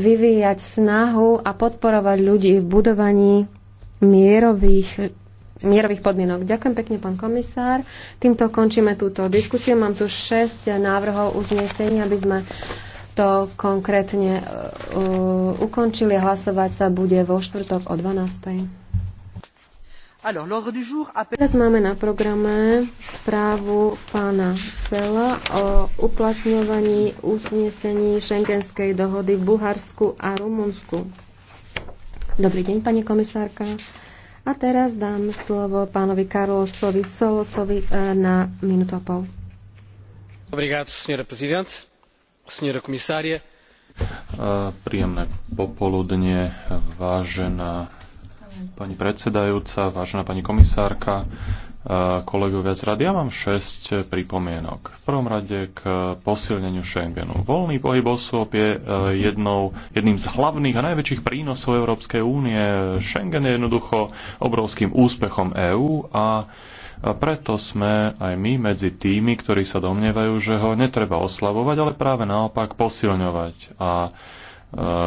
vyvíjať snahu a podporovať ľudí v budovaní mierových, mierových podmienok. Ďakujem pekne, pán komisár. Týmto končíme túto diskusiu. Mám tu 6 návrhov uznesení, aby sme to konkrétne uh, ukončili. Hlasovať sa bude vo štvrtok o 12. Teraz máme na programe správu pána Sela o uplatňovaní usnesení šengenskej dohody v Bulharsku a Rumunsku. Dobrý deň, pani komisárka. A teraz dám slovo pánovi Karolosovi Solosovi eh, na minútu a pol. Obrigado, senhora presidente, senhora komisária. Eh, príjemné popoludne, vážená pani predsedajúca, vážená pani komisárka, e, kolegovia z rady. Ja mám 6 pripomienok. V prvom rade k posilneniu Schengenu. Voľný pohyb osôb je e, jednou, jedným z hlavných a najväčších prínosov Európskej únie. Schengen je jednoducho obrovským úspechom EÚ a preto sme aj my medzi tými, ktorí sa domnievajú, že ho netreba oslavovať, ale práve naopak posilňovať. A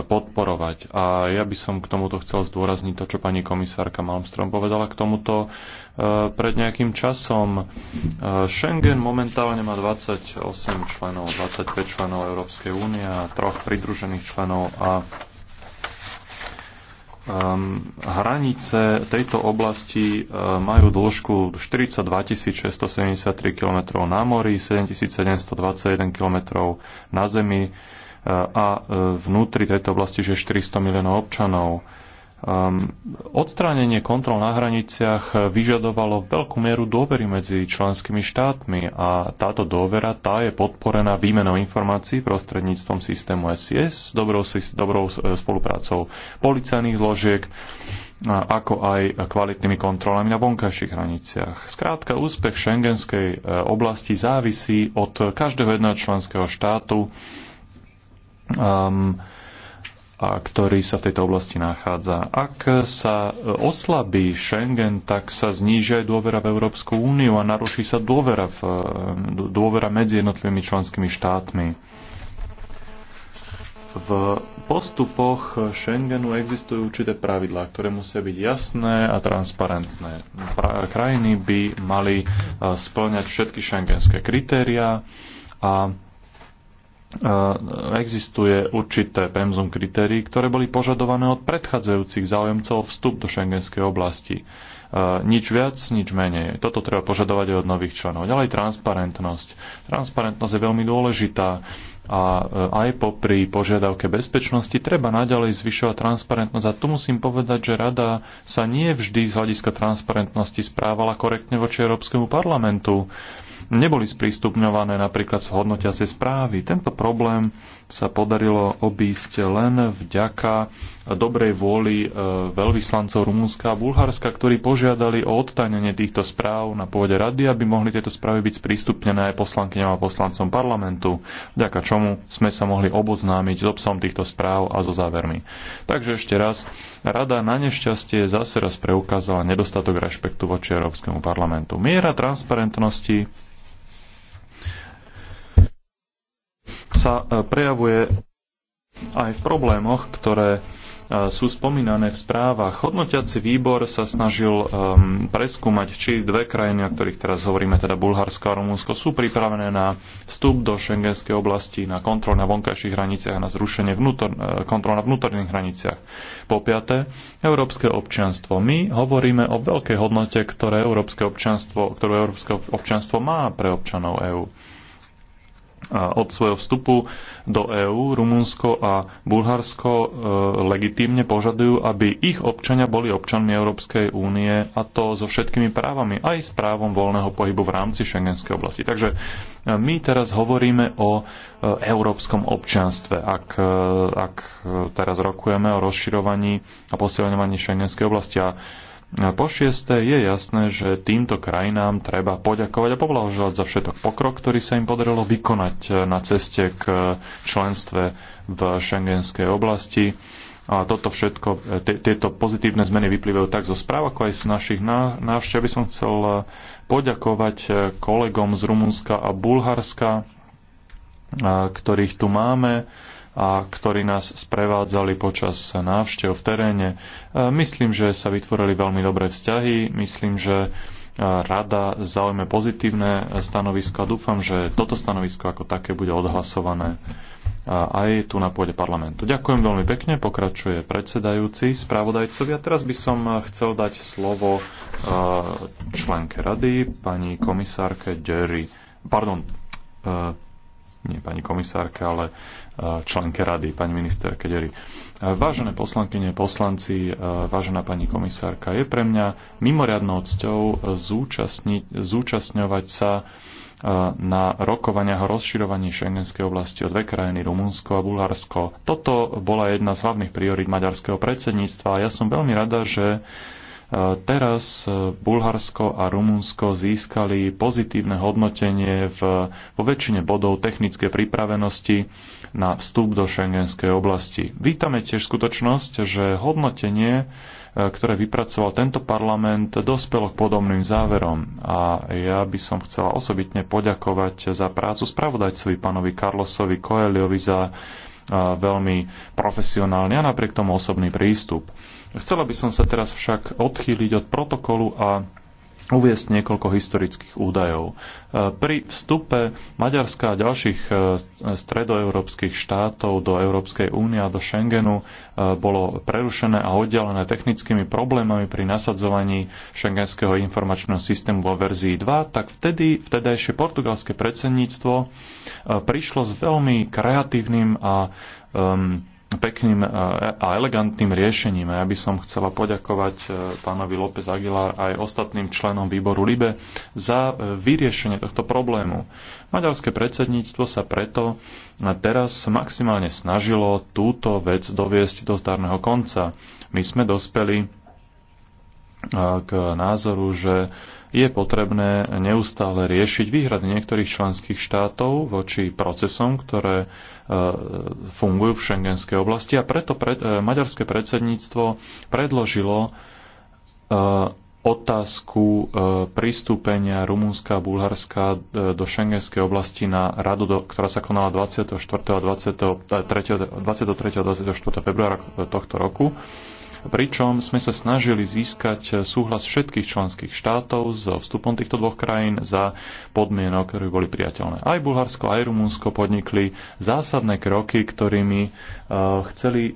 podporovať. A ja by som k tomuto chcel zdôrazniť to, čo pani komisárka Malmström povedala k tomuto e, pred nejakým časom. E, Schengen momentálne má 28 členov, 25 členov Európskej únie a troch pridružených členov a ehm, hranice tejto oblasti e, majú dĺžku 42 673 km na mori, 7721 km na zemi, a vnútri tejto oblasti že 400 miliónov občanov. Um, odstránenie kontrol na hraniciach vyžadovalo veľkú mieru dôvery medzi členskými štátmi a táto dôvera tá je podporená výmenou informácií prostredníctvom systému SIS, dobrou, dobrou e, spoluprácou policajných zložiek, ako aj kvalitnými kontrolami na vonkajších hraniciach. Skrátka, úspech šengenskej e, oblasti závisí od každého jedného členského štátu um, a ktorý sa v tejto oblasti nachádza. Ak sa e, oslabí Schengen, tak sa zníži aj dôvera v Európsku úniu a naruší sa dôvera, v, e, dôvera medzi jednotlivými členskými štátmi. V postupoch Schengenu existujú určité pravidlá, ktoré musia byť jasné a transparentné. Pra- krajiny by mali e, splňať všetky šengenské kritériá a existuje určité pemzum kritérií, ktoré boli požadované od predchádzajúcich záujemcov vstup do šengenskej oblasti. Nič viac, nič menej. Toto treba požadovať aj od nových členov. Ďalej transparentnosť. Transparentnosť je veľmi dôležitá a e, aj popri požiadavke bezpečnosti treba naďalej zvyšovať transparentnosť. A tu musím povedať, že rada sa nie vždy z hľadiska transparentnosti správala korektne voči Európskemu parlamentu. Neboli sprístupňované napríklad z hodnotiacej správy. Tento problém sa podarilo obísť len vďaka dobrej vôli e, veľvyslancov Rumunska a Bulharska, ktorí požiadali o odtajnenie týchto správ na pôde rady, aby mohli tieto správy byť sprístupnené aj poslankyňam a poslancom parlamentu, vďaka čo čomu sme sa mohli oboznámiť s obsahom týchto správ a so závermi. Takže ešte raz, rada na nešťastie zase raz preukázala nedostatok rešpektu voči Európskemu parlamentu. Miera transparentnosti sa e, prejavuje aj v problémoch, ktoré sú spomínané v správach. Hodnotiaci výbor sa snažil um, preskúmať, či dve krajiny, o ktorých teraz hovoríme, teda Bulharsko a Rumunsko, sú pripravené na vstup do šengenskej oblasti, na kontrol na vonkajších hraniciach, na zrušenie vnútor, e, kontrol na vnútorných hraniciach. Po piaté, európske občianstvo. My hovoríme o veľkej hodnote, ktoré európske občianstvo, ktorú európske občianstvo má pre občanov EÚ od svojho vstupu do EÚ Rumunsko a Bulharsko e, legitímne požadujú, aby ich občania boli občanmi Európskej únie a to so všetkými právami, aj s právom voľného pohybu v rámci šengenskej oblasti. Takže e, my teraz hovoríme o e, európskom občianstve, ak, ak teraz rokujeme o rozširovaní a posilňovaní šengenskej oblasti. A po šieste je jasné, že týmto krajinám treba poďakovať a poblahoželať za všetok pokrok, ktorý sa im podarilo vykonať e, na ceste k e, členstve v šengenskej oblasti. A toto všetko, e, tieto pozitívne zmeny vyplývajú tak zo správ, ako aj z našich návštev. By som chcel poďakovať kolegom z Rumunska a Bulharska, ktorých tu máme a ktorí nás sprevádzali počas návštev v teréne. E, myslím, že sa vytvorili veľmi dobré vzťahy, myslím, že e, rada zaujme pozitívne stanovisko a dúfam, že toto stanovisko ako také bude odhlasované e, aj tu na pôde parlamentu. Ďakujem veľmi pekne, pokračuje predsedajúci a Teraz by som chcel dať slovo členke rady, pani komisárke Jerry, pardon, nie pani komisárke, ale členke rady, pani minister Kedery. Vážené poslankyne, poslanci, vážená pani komisárka, je pre mňa mimoriadnou cťou zúčastňovať sa na rokovaniach o rozširovaní šengenskej oblasti o dve krajiny, Rumunsko a Bulharsko. Toto bola jedna z hlavných priorít maďarského predsedníctva a ja som veľmi rada, že Teraz e, Bulharsko a Rumunsko získali pozitívne hodnotenie v, vo väčšine bodov technickej pripravenosti na vstup do šengenskej oblasti. Vítame tiež skutočnosť, že hodnotenie, e, ktoré vypracoval tento parlament, dospelo k podobným záverom. A ja by som chcela osobitne poďakovať za prácu spravodajcovi pánovi Carlosovi Coeliovi za veľmi profesionálny a napriek tomu osobný prístup. Chcela by som sa teraz však odchýliť od protokolu a uviesť niekoľko historických údajov. E, pri vstupe Maďarska a ďalších e, stredoeurópskych štátov do Európskej únie a do Schengenu e, bolo prerušené a oddelené technickými problémami pri nasadzovaní šengenského informačného systému vo verzii 2, tak vtedy vtedajšie portugalské predsedníctvo prišlo s veľmi kreatívnym a um, pekným e, a elegantným riešením. Ja by som chcela poďakovať e, pánovi López Aguilar aj ostatným členom výboru LIBE za e, vyriešenie tohto problému. Maďarské predsedníctvo sa preto teraz maximálne snažilo túto vec doviesť do zdarného konca. My sme dospeli k názoru, že je potrebné neustále riešiť výhrady niektorých členských štátov voči procesom, ktoré e, fungujú v šengenskej oblasti a preto pred, e, maďarské predsedníctvo predložilo e, otázku pristúpenia Rumunska a Bulharska do šengenskej oblasti na radu, ktorá sa konala 24. a 23. 23. a 24. februára tohto roku pričom sme sa snažili získať eh, súhlas všetkých členských štátov so vstupom týchto dvoch krajín za podmienok, ktoré boli priateľné. Aj Bulharsko, aj Rumunsko podnikli zásadné kroky, ktorými eh, chceli eh,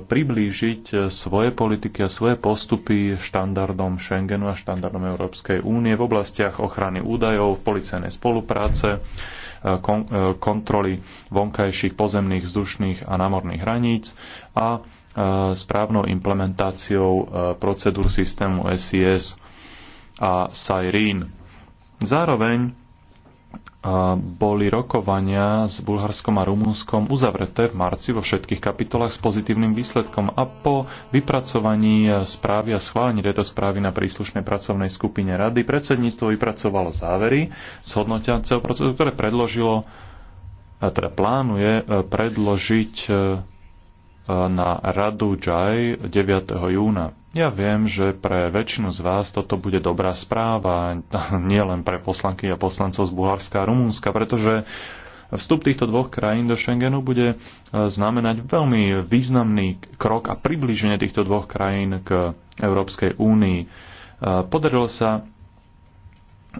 priblížiť svoje politiky a svoje postupy štandardom Schengenu a štandardom Európskej únie v oblastiach ochrany údajov, policajnej spolupráce, kontroly vonkajších pozemných, vzdušných a námorných hraníc a správnou implementáciou e, procedúr systému SIS a SIREN. Zároveň e, boli rokovania s Bulharskom a Rumunskom uzavreté v marci vo všetkých kapitolách s pozitívnym výsledkom a po vypracovaní e, správy a schválení tejto správy na príslušnej pracovnej skupine rady predsedníctvo vypracovalo závery z hodnotiaceho procesu, ktoré predložilo, teda plánuje predložiť na Radu Jai 9. júna. Ja viem, že pre väčšinu z vás toto bude dobrá správa, nielen pre poslanky a poslancov z Bulharska a Rumúnska, pretože Vstup týchto dvoch krajín do Schengenu bude e, znamenať veľmi významný krok a približenie týchto dvoch krajín k Európskej únii. E, podarilo sa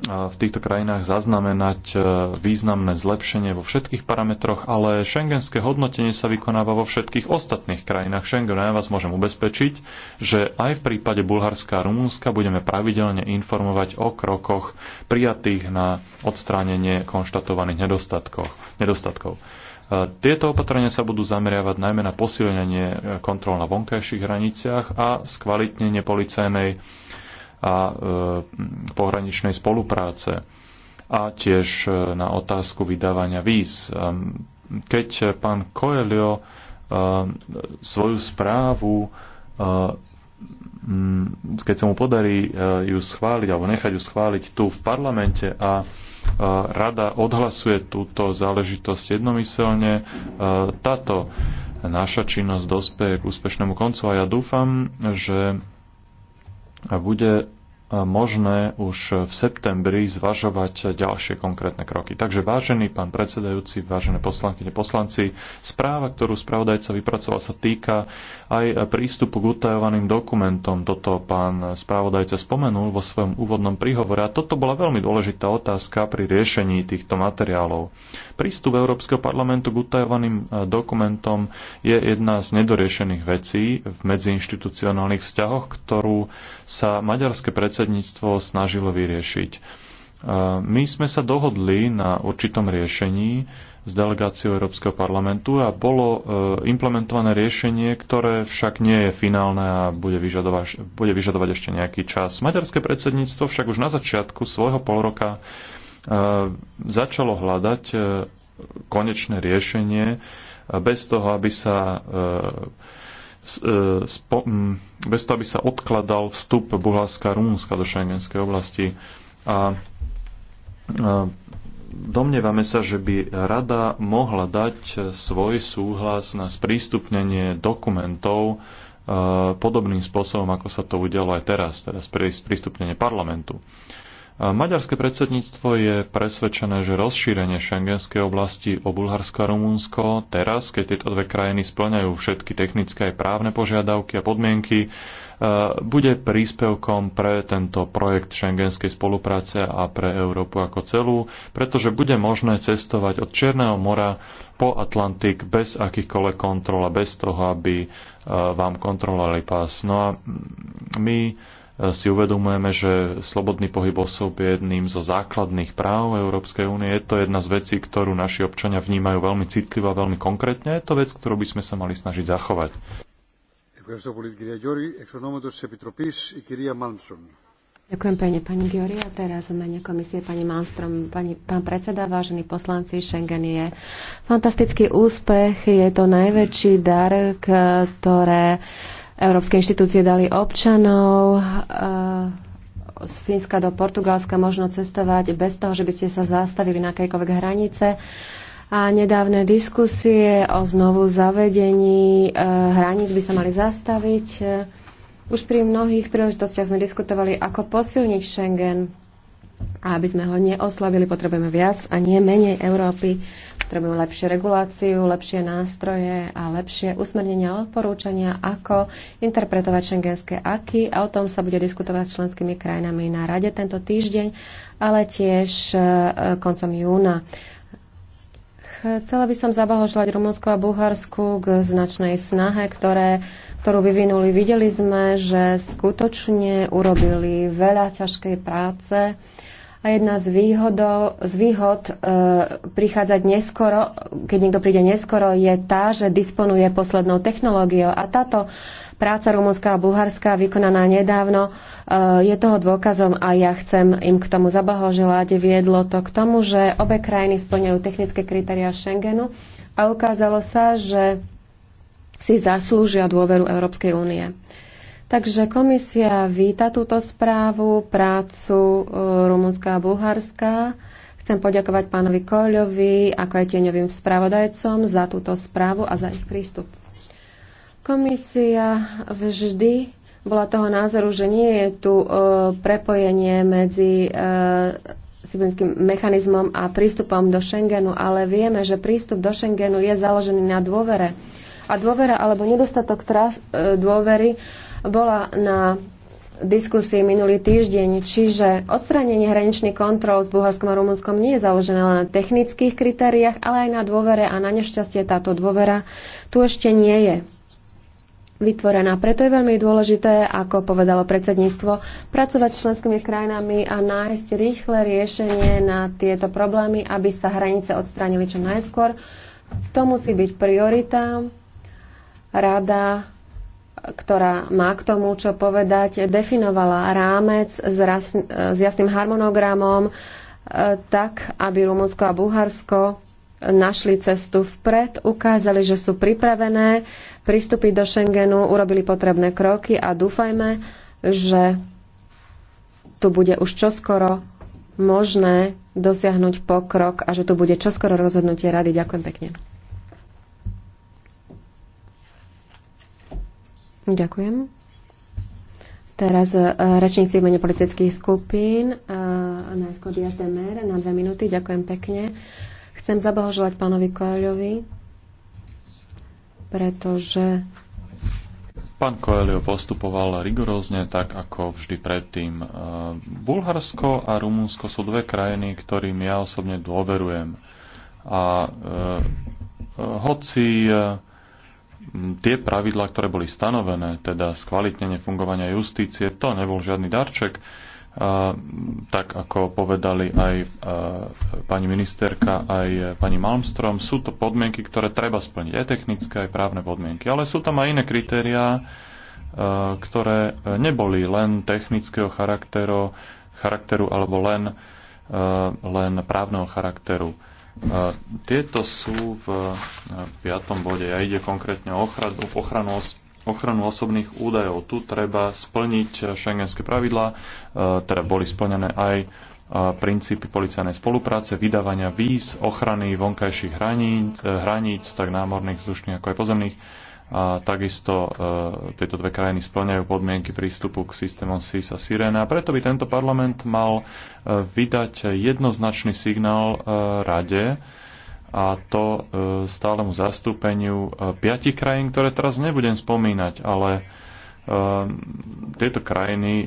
v týchto krajinách zaznamenať e, významné zlepšenie vo všetkých parametroch, ale šengenské hodnotenie sa vykonáva vo všetkých ostatných krajinách Schengenu. Ja vás môžem ubezpečiť, že aj v prípade Bulharska a Rumunska budeme pravidelne informovať o krokoch prijatých na odstránenie konštatovaných nedostatkov. E, tieto opatrenia sa budú zameriavať najmä na posilnenie e, kontrol na vonkajších hraniciach a skvalitnenie policajnej a e, pohraničnej spolupráce a tiež e, na otázku vydávania víz. E, keď pán Coelho svoju správu keď sa mu podarí ju schváliť alebo nechať ju schváliť tu v parlamente a rada odhlasuje túto záležitosť jednomyselne, táto naša činnosť dospeje k úspešnému koncu a ja dúfam, že a bude e, možné už v septembri zvažovať ďalšie konkrétne kroky. Takže vážený pán predsedajúci, vážené poslankyne, poslanci, správa, ktorú spravodajca vypracoval, sa týka aj prístupu k utajovaným dokumentom. Toto pán spravodajca spomenul vo svojom úvodnom príhovore a toto bola veľmi dôležitá otázka pri riešení týchto materiálov. Prístup Európskeho parlamentu k utajovaným e, dokumentom je jedna z nedoriešených vecí v medziinštitucionálnych vzťahoch, ktorú sa maďarské predsedníctvo snažilo vyriešiť. E, my sme sa dohodli na určitom riešení, s delegáciou Európskeho parlamentu a bolo e, implementované riešenie, ktoré však nie je finálne a bude vyžadovať, bude vyžadovať ešte nejaký čas. Maďarské predsedníctvo však už na začiatku svojho polroka začalo hľadať e, konečné riešenie e, bez toho, aby sa e, bez toho, aby sa odkladal vstup Bulharska a Rumunska do šengenskej oblasti. A domnievame sa, že by rada mohla dať svoj súhlas na sprístupnenie dokumentov podobným spôsobom, ako sa to udialo aj teraz, teraz pre sprístupnenie parlamentu. Maďarské predsedníctvo je presvedčené, že rozšírenie šengenskej oblasti o Bulharsko a Rumunsko teraz, keď tieto dve krajiny splňajú všetky technické aj právne požiadavky a podmienky, e, bude príspevkom pre tento projekt šengenskej spolupráce a pre Európu ako celú, pretože bude možné cestovať od Černého mora po Atlantik bez akýchkoľvek kontrol a bez toho, aby e, vám kontrolovali pás. No a my si uvedomujeme, že slobodný pohyb osôb je jedným zo základných práv Európskej únie. Je to jedna z vecí, ktorú naši občania vnímajú veľmi citlivo a veľmi konkrétne. Je to vec, ktorú by sme sa mali snažiť zachovať. Ďakujem pekne, pani Giori. A teraz v mene komisie pani Malmström, pani, pán predseda, vážení poslanci, Schengen je fantastický úspech. Je to najväčší dar, ktoré európske inštitúcie dali občanov e, z Fínska do Portugalska možno cestovať bez toho, že by ste sa zastavili na akékoľvek hranice. A nedávne diskusie o znovu zavedení e, hraníc by sa mali zastaviť. E, už pri mnohých príležitostiach sme diskutovali, ako posilniť Schengen a aby sme ho neoslavili, potrebujeme viac a nie menej Európy. Potrebujeme lepšiu reguláciu, lepšie nástroje a lepšie usmernenia a odporúčania, ako interpretovať šengenské aky. A o tom sa bude diskutovať s členskými krajinami na rade tento týždeň, ale tiež e, koncom júna. Chcela by som zabahožľať Rumunsku a Bulharsku k značnej snahe, ktoré, ktorú vyvinuli. Videli sme, že skutočne urobili veľa ťažkej práce a jedna z, výhodov, z výhod e, prichádzať neskoro, keď niekto príde neskoro, je tá, že disponuje poslednou technológiou. A táto práca rumunská a bulharská vykonaná nedávno e, je toho dôkazom a ja chcem im k tomu zablahoželať. Viedlo to k tomu, že obe krajiny splňajú technické kritéria Schengenu a ukázalo sa, že si zaslúžia dôveru Európskej únie. Takže komisia víta túto správu, prácu e, Rumunská a Bulharská. Chcem poďakovať pánovi Koľovi, ako aj tieňovým spravodajcom za túto správu a za ich prístup. Komisia vždy bola toho názoru, že nie je tu e, prepojenie medzi e, Sibinským mechanizmom a prístupom do Schengenu, ale vieme, že prístup do Schengenu je založený na dôvere. A dôvera alebo nedostatok dôvery bola na diskusii minulý týždeň, čiže odstranenie hraničných kontrol s Bulharskom a Rumunskom nie je založené len na technických kritériách, ale aj na dôvere a na nešťastie táto dôvera tu ešte nie je vytvorená. Preto je veľmi dôležité, ako povedalo predsedníctvo, pracovať s členskými krajinami a nájsť rýchle riešenie na tieto problémy, aby sa hranice odstránili čo najskôr. To musí byť priorita. Rada ktorá má k tomu, čo povedať, definovala rámec s, ras, s jasným harmonogramom e, tak, aby Rumunsko a Bulharsko našli cestu vpred, ukázali, že sú pripravené pristúpiť do Schengenu, urobili potrebné kroky a dúfajme, že tu bude už čoskoro možné dosiahnuť pokrok a že tu bude čoskoro rozhodnutie rady. Ďakujem pekne. Ďakujem. Teraz uh, rečníci v mene politických skupín. uh, eh, Najskôr Diaz Demer na dve minúty. Ďakujem pekne. Chcem zablahoželať pánovi Koelhovi, pretože Pán Koelio postupoval rigorózne, tak ako vždy predtým. Uh, Bulharsko a Rumunsko sú dve krajiny, ktorým ja osobne dôverujem. A uh, uh, hoci uh, tie pravidlá, ktoré boli stanovené, teda skvalitnenie fungovania justície, to nebol žiadny darček. A, tak ako povedali aj a, pani ministerka, aj pani Malmstrom, sú to podmienky, ktoré treba splniť, aj technické, aj právne podmienky. Ale sú tam aj iné kritériá, a, ktoré neboli len technického charakteru, charakteru alebo len, len právneho charakteru tieto sú v e, piatom bode Ja ide konkrétne o ochranu, ochranu osobných údajov. Tu treba splniť e, šengenské pravidlá, e, teda boli splnené aj princípy policajnej spolupráce, vydávania víz, ochrany vonkajších hraníc, hraníc tak námorných, vzdušných ako aj pozemných a takisto e, tieto dve krajiny splňajú podmienky prístupu k systémom SIS a Sirena. Preto by tento parlament mal e, vydať jednoznačný signál e, rade a to e, stálemu zastúpeniu e, piatich krajín, ktoré teraz nebudem spomínať, ale e, tieto krajiny e,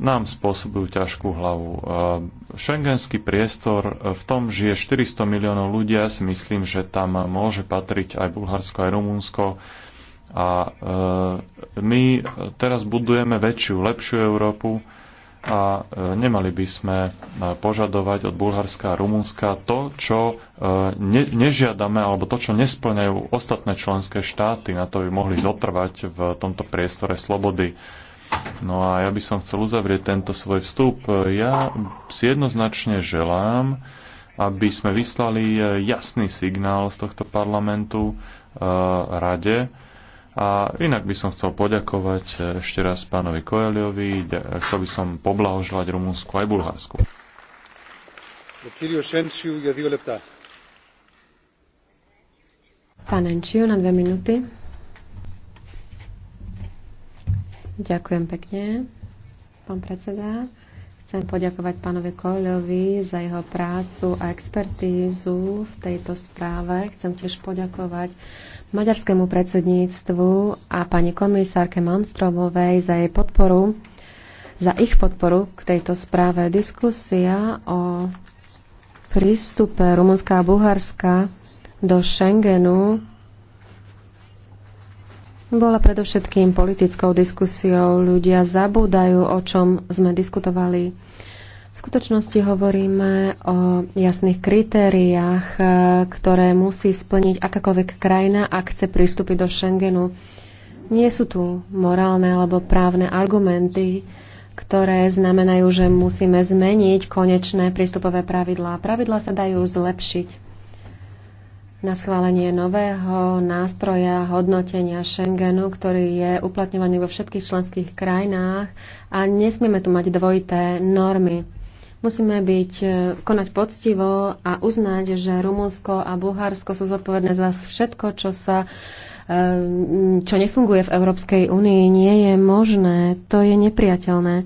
nám spôsobujú ťažkú hlavu. Schengenský priestor, e, v tom žije 400 miliónov ľudí, ja si myslím, že tam môže patriť aj Bulharsko, aj Rumunsko. A e, my teraz budujeme väčšiu, lepšiu Európu a e, nemali by sme požadovať od Bulharska a Rumunska to, čo nežiadame alebo to, čo nesplňajú ostatné členské štáty. Na to by mohli zotrvať v tomto priestore slobody. No a ja by som chcel uzavrieť tento svoj vstup. Ja si jednoznačne želám, aby sme vyslali jasný signál z tohto parlamentu eh, rade. A inak by som chcel poďakovať eh, ešte raz pánovi Koeliovi, chcel by som poblahoželať Rumunsku aj Bulharsku. Pán Enčiu, na dve minúty. Ďakujem pekne, pán predseda. Chcem poďakovať pánovi Koľovi za jeho prácu a expertízu v tejto správe. Chcem tiež poďakovať maďarskému predsedníctvu a pani komisárke Malmstromovej za jej podporu, za ich podporu k tejto správe. Diskusia o prístupe Rumunska a Bulharska do Schengenu bola predovšetkým politickou diskusiou. Ľudia zabúdajú, o čom sme diskutovali. V skutočnosti hovoríme o jasných kritériách, e, ktoré musí splniť akákoľvek krajina, ak chce pristúpiť do Schengenu. Nie sú tu morálne alebo právne argumenty, ktoré znamenajú, že musíme zmeniť konečné prístupové pravidlá. Pravidlá sa dajú zlepšiť na schválenie nového nástroja hodnotenia Schengenu, ktorý je uplatňovaný vo všetkých členských krajinách a nesmieme tu mať dvojité normy. Musíme byť, e, konať poctivo a uznať, že Rumunsko a Bulharsko sú zodpovedné za všetko, čo sa e, čo nefunguje v Európskej únii, nie je možné, to je nepriateľné.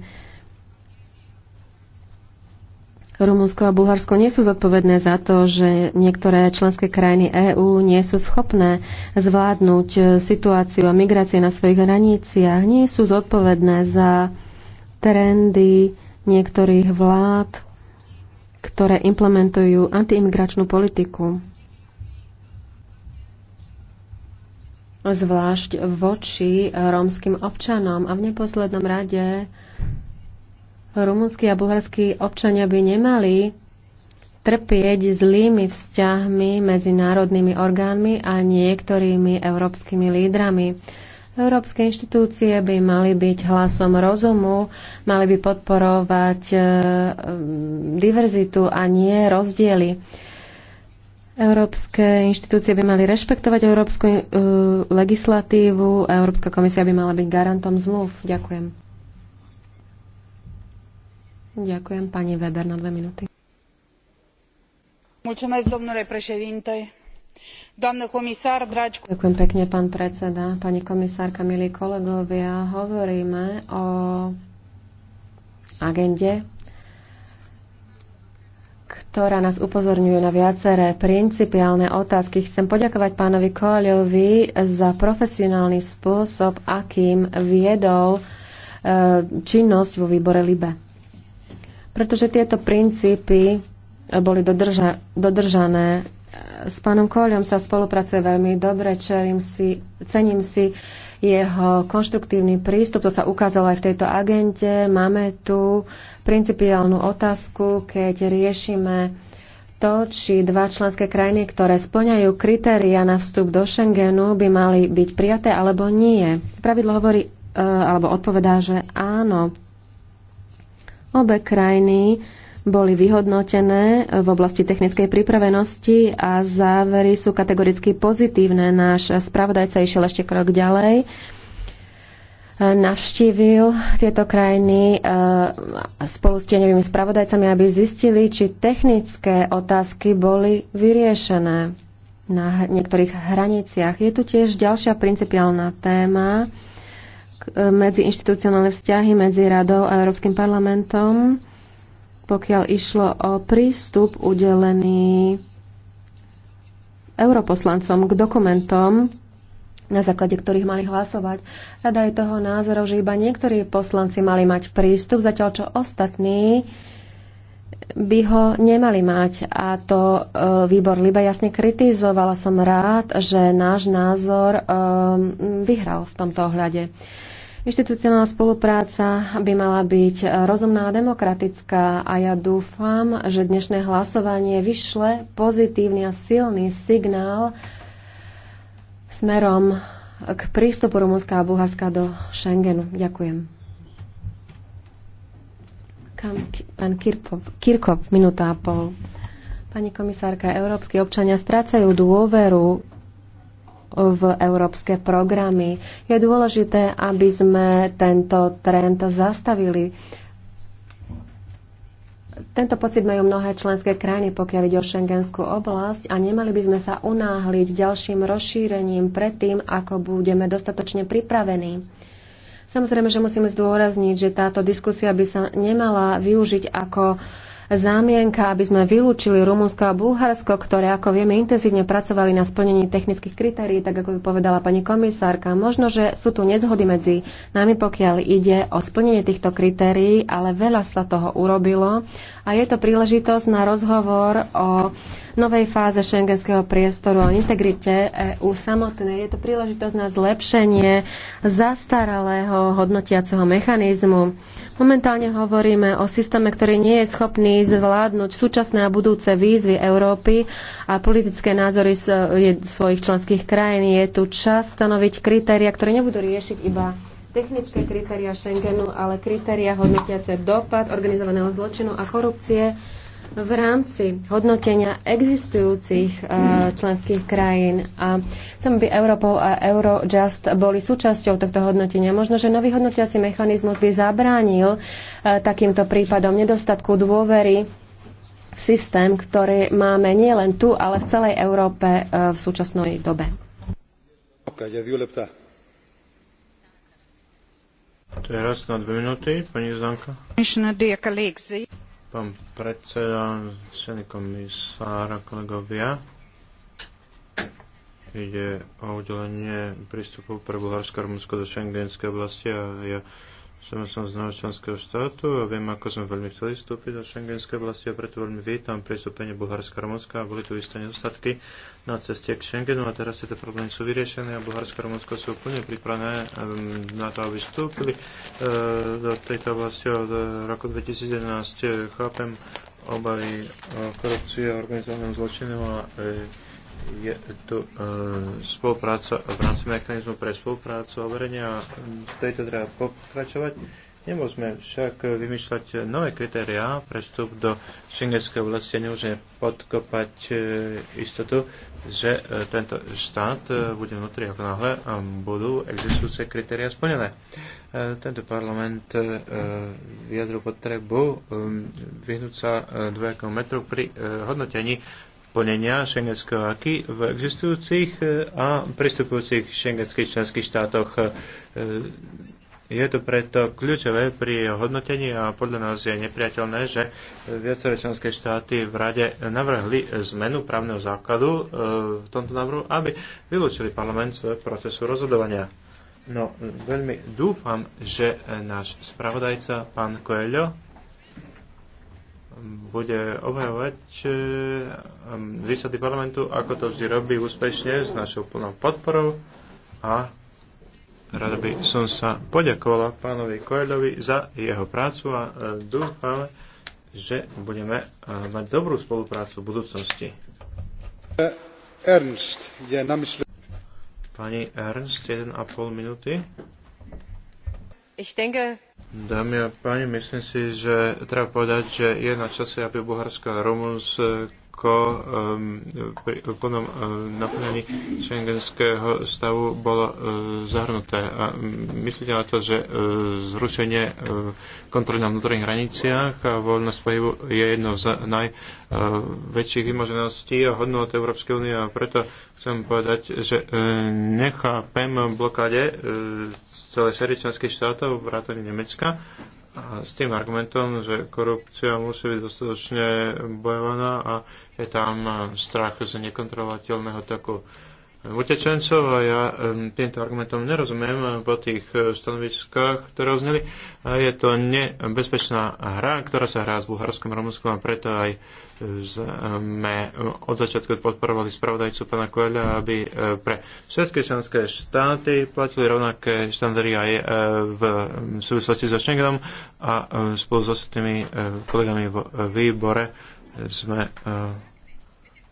Rumunsko a Bulharsko nie sú zodpovedné za to, že niektoré členské krajiny EÚ nie sú schopné zvládnuť eh, situáciu a migrácie na svojich hraniciach, nie sú zodpovedné za trendy niektorých vlád, ktoré implementujú antiimigračnú politiku. Zvlášť voči rómskym občanom a v neposlednom rade rumunskí a bulharskí občania by nemali trpieť zlými vzťahmi medzi národnými orgánmi a niektorými európskymi lídrami. Európske inštitúcie by mali byť hlasom rozumu, mali by podporovať e, diverzitu a nie rozdiely. Európske inštitúcie by mali rešpektovať európsku e, legislatívu a Európska komisia by mala byť garantom zmluv. Ďakujem. Ďakujem pani Weber na dve minúty. Mulțumesc, domnule președinte. Komisár, drač... Ďakujem pekne, pán predseda. Pani komisárka, milí kolegovia, hovoríme o agende, ktorá nás upozorňuje na viaceré principiálne otázky. Chcem poďakovať pánovi Koľovi za profesionálny spôsob, akým viedol e, činnosť vo výbore LIBE pretože tieto princípy boli dodrža- dodržané. S pánom Koľom sa spolupracuje veľmi dobre, čerím si, cením si jeho konštruktívny prístup, to sa ukázalo aj v tejto agente. Máme tu principiálnu otázku, keď riešime to, či dva členské krajiny, ktoré splňajú kritéria na vstup do Schengenu, by mali byť prijaté alebo nie. Pravidlo hovorí, e, alebo odpovedá, že áno. Obe krajiny boli vyhodnotené v oblasti technickej pripravenosti a závery sú kategoricky pozitívne. Náš spravodajca išiel ešte krok ďalej navštívil tieto krajiny eh, spolu s tieňovými spravodajcami, aby zistili, či technické otázky boli vyriešené na niektorých hraniciach. Je tu tiež ďalšia principiálna téma medzi inštitucionálne vzťahy medzi Radou a Európskym parlamentom, pokiaľ išlo o prístup udelený europoslancom k dokumentom, na základe ktorých mali hlasovať. Rada je toho názoru, že iba niektorí poslanci mali mať prístup, zatiaľ čo ostatní by ho nemali mať. A to e, výbor Liba jasne kritizovala. Som rád, že náš názor e, vyhral v tomto ohľade. E, Inštitucionálna spolupráca by mala byť rozumná a demokratická a ja dúfam, že dnešné hlasovanie vyšle pozitívny a silný signál smerom k prístupu Rumunska a Bulharska do Schengenu. Ďakujem. Pán Kirkov, Kirkov minúta a pol. Pani komisárka, európsky občania strácajú dôveru v európske programy. Je dôležité, aby sme tento trend zastavili. Tento pocit majú mnohé členské krajiny, pokiaľ ide o šengenskú oblasť a nemali by sme sa unáhliť ďalším rozšírením predtým, ako budeme dostatočne pripravení. Samozrejme, že musíme zdôrazniť, že táto diskusia by sa nemala využiť ako uh, zámienka, aby sme vylúčili Rumunsko a Bulharsko, ktoré, ako vieme, intenzívne pracovali na splnení technických kritérií, tak ako povedala pani komisárka. Možno, že sú tu nezhody medzi nami, pokiaľ ide o splnenie týchto kritérií, ale veľa sa toho urobilo a je to príležitosť na rozhovor o novej fáze šengenského priestoru o integrite EU samotnej. Je to príležitosť na zlepšenie zastaralého hodnotiaceho mechanizmu. Momentálne hovoríme o systéme, ktorý nie je schopný zvládnuť súčasné a budúce výzvy Európy a politické názory svojich členských krajín. Je tu čas stanoviť kritéria, ktoré nebudú riešiť iba technické kritéria Schengenu, ale kritéria hodnotiace dopad organizovaného zločinu a korupcie v rámci hodnotenia existujúcich eh, členských krajín a chcem, aby Europol a Eurojust boli súčasťou tohto hodnotenia. Možno, že nový hodnotiaci mechanizmus by zabránil eh, takýmto prípadom nedostatku dôvery v systém, ktorý máme nielen tu, ale v celej Európe eh, v súčasnej dobe. Teraz na dve minúty, pani Zanka pán predseda, cený komisár a kolegovia. Ide o udelenie prístupu pre Bulharsko a Rumunsko do šengenskej oblasti a ja som som z nového členského štátu a viem, ako sme veľmi chceli vstúpiť do šengenskej oblasti a preto veľmi vítam pristúpenie Bulharska a Rumunska. Boli tu isté nedostatky na ceste k Schengenu a teraz tieto problémy sú vyriešené a Bulharska a Rumunsko sú úplne pripravené ehm, na to, aby vstúpili ehm, do tejto oblasti od roku 2011. Chápem obavy korupcie a organizovaného zločinu a e, je tu e, spolupráca v rámci mechanizmu pre spoluprácu a overenia. V tejto treba pokračovať. Nemôžeme však vymýšľať nové kritériá pre vstup do šengenského vlasti a nemôžeme podkopať e, istotu, že e, tento štát e, bude vnútri ako náhle a budú existujúce kritériá splnené. E, tento parlament e, vyjadru potrebu e, vyhnúť sa e, dvojakom metru pri e, hodnotení plnenia šengenského aky v existujúcich e, a pristupujúcich šengenských členských štátoch. E, je to preto kľúčové pri jeho hodnotení a podľa nás je nepriateľné, že viaceré členské štáty v Rade navrhli zmenu právneho základu e, v tomto návrhu, aby vylúčili parlament z procesu rozhodovania. No, veľmi dúfam, že náš spravodajca, pán Coelho, bude obhajovať e, výsady parlamentu, ako to vždy robí úspešne s našou plnou podporou a rada by som sa poďakovala pánovi Koelovi za jeho prácu a e, dúfam, že budeme e, mať dobrú spoluprácu v budúcnosti. Ernst, je na mysle... Pani Ernst, 1,5 minúty. Ich denke, Dámy a páni, myslím si, že treba povedať, že je na čase, aby Bulharsko a Rumunsko ako um, pri um, naplnení šengenského stavu bolo uh, zahrnuté. A myslíte na to, že uh, zrušenie uh, kontroly na vnútorných hraniciach a voľnosť pohybu je jednou z najväčších vymožeností a hodnot Európskej únie a preto chcem povedať, že nechápem blokade celé série členských štátov, vrátane Nemecka, a s tým argumentom, že korupcia musí byť dostatočne bojovaná a je tam e, strach z nekontrolovateľného toku utečencov a ja e, týmto argumentom nerozumiem e, po tých stanoviskách, ktoré ozneli. Je to nebezpečná hra, ktorá sa hrá s Bulharskom, Rumunskom a preto aj sme od začiatku podporovali spravodajcu pana Koelia, aby pre všetky členské štáty platili rovnaké štandardy aj v súvislosti so Schengenom a spolu s so ostatnými kolegami v výbore sme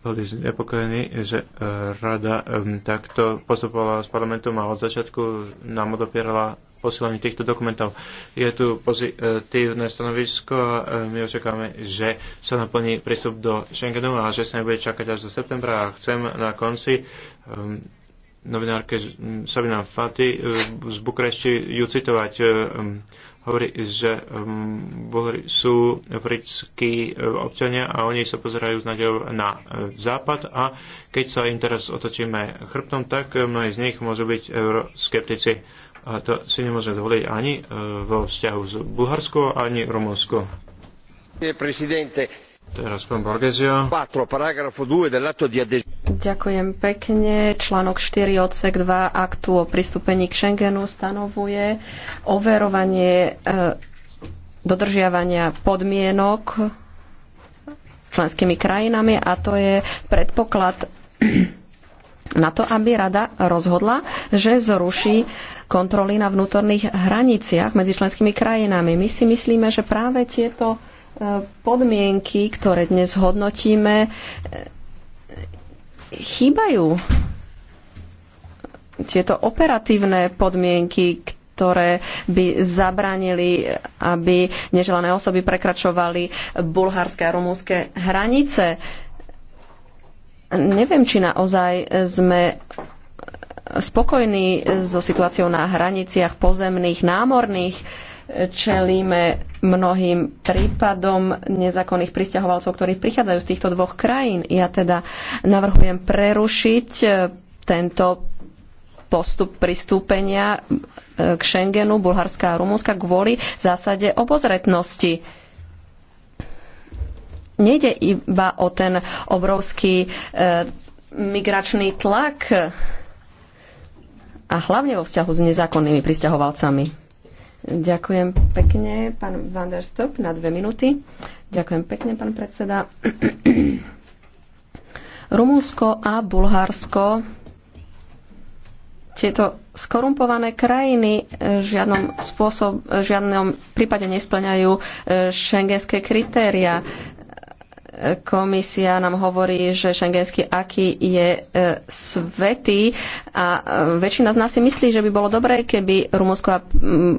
boli znepokojení, že e, rada takto postupovala s parlamentom a od začiatku nám odopierala posielanie týchto dokumentov. Je tu pozitívne stanovisko a e, my očakávame, že sa naplní prístup do Schengenu a že sa nebude čakať až do septembra a chcem na konci novinárke Sabina Faty e, z Bukrešti ju citovať hovorí, že um, sú africkí e, občania a oni sa pozerajú s nádejou na e, západ a keď sa im teraz otočíme chrbtom, tak e, mnohí z nich môžu byť euroskeptici. A to si nemôže dovoliť ani vo vzťahu s Bulharskou, ani Rumunskou. Presidente, Teraz pán Borgesio. Ďakujem pekne. Článok 4 odsek 2 aktu o pristúpení k Schengenu stanovuje overovanie eh, dodržiavania podmienok členskými krajinami a to je predpoklad na to, aby rada rozhodla, že zruší kontroly na vnútorných hraniciach medzi členskými krajinami. My si myslíme, že práve tieto podmienky, ktoré dnes hodnotíme, chýbajú tieto operatívne podmienky, ktoré by zabranili, aby neželané osoby prekračovali bulharské a rumúnske hranice. Neviem, či naozaj sme spokojní so situáciou na hraniciach pozemných, námorných čelíme mnohým prípadom nezákonných pristahovalcov, ktorí prichádzajú z týchto dvoch krajín. Ja teda navrhujem prerušiť e, tento postup pristúpenia e, k Schengenu, Bulharska a Rumunska kvôli zásade obozretnosti. Nejde iba o ten obrovský e, migračný tlak a hlavne vo vzťahu s nezákonnými pristahovalcami. Ďakujem pekne, pán Van der Stop, na dve minúty. Ďakujem pekne, pán predseda. Rumúnsko a Bulharsko, tieto skorumpované krajiny v eh, žiadnom, spôsob, v žiadnom prípade nesplňajú eh, šengenské kritéria. Komisia nám hovorí, že šengenský aký je e, svetý a e, väčšina z nás si myslí, že by bolo dobré, keby Rumunsko a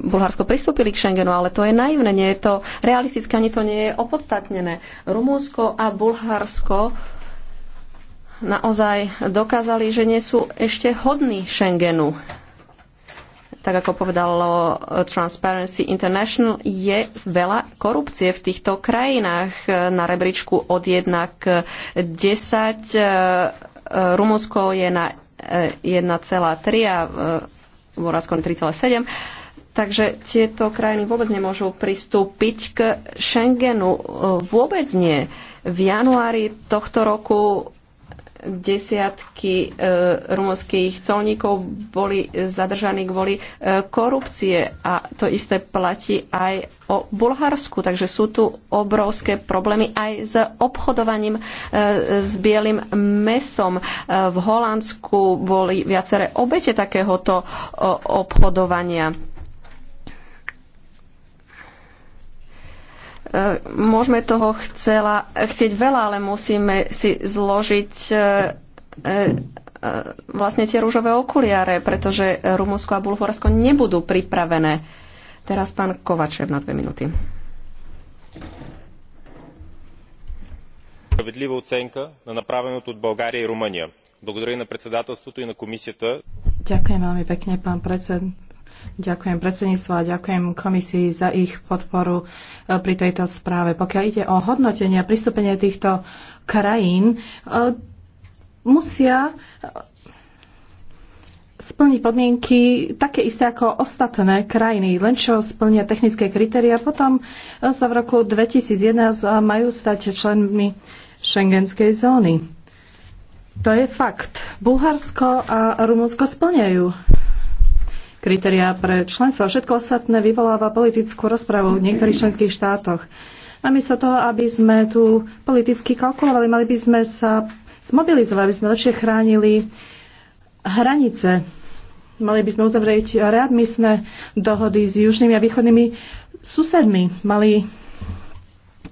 Bulharsko pristúpili k Schengenu, ale to je naivné, nie je to realistické, ani to nie je opodstatnené. Rumunsko a Bulharsko naozaj dokázali, že nie sú ešte hodní Schengenu tak ako povedalo eh, Transparency International, je veľa korupcie v týchto krajinách eh, na rebríčku od 1 k 10. Rumunsko je na 1,3 eh, a Moravsko na 3,7. Takže tieto krajiny vôbec nemôžu pristúpiť k Schengenu. Vôbec nie. V januári tohto roku desiatky eh, rumunských colníkov boli zadržaní kvôli eh, korupcie a to isté platí aj o Bulharsku. Takže sú tu obrovské problémy aj s obchodovaním eh, s bielým mesom. V Holandsku boli viaceré obete takéhoto obchodovania E, môžeme toho chcela, chcieť veľa, ale musíme si zložiť e, e, vlastne tie rúžové okuliare, pretože Rumunsko a Bulhorsko nebudú pripravené. Teraz pán Kovačev na dve minúty. справедлива оценка на направеното от България и Румъния. Благодаря и на председателството и на комисията. Ďakujem veľmi pekne, pán predsed, Ďakujem predsedníctvu a ďakujem komisii za ich podporu e, pri tejto správe. Pokiaľ ide o hodnotenie a pristúpenie týchto krajín, e, musia e, splniť podmienky také isté ako ostatné krajiny, len čo splnia technické kritéria. Potom sa v roku 2011 majú stať členmi šengenskej zóny. To je fakt. Bulharsko a Rumunsko splňajú kritériá pre členstvo. Všetko ostatné vyvoláva politickú rozpravu v niektorých členských štátoch. sa toho, aby sme tu politicky kalkulovali, mali by sme sa zmobilizovať, aby sme lepšie chránili hranice. Mali by sme uzavrieť readmisné dohody s južnými a východnými susedmi. Mali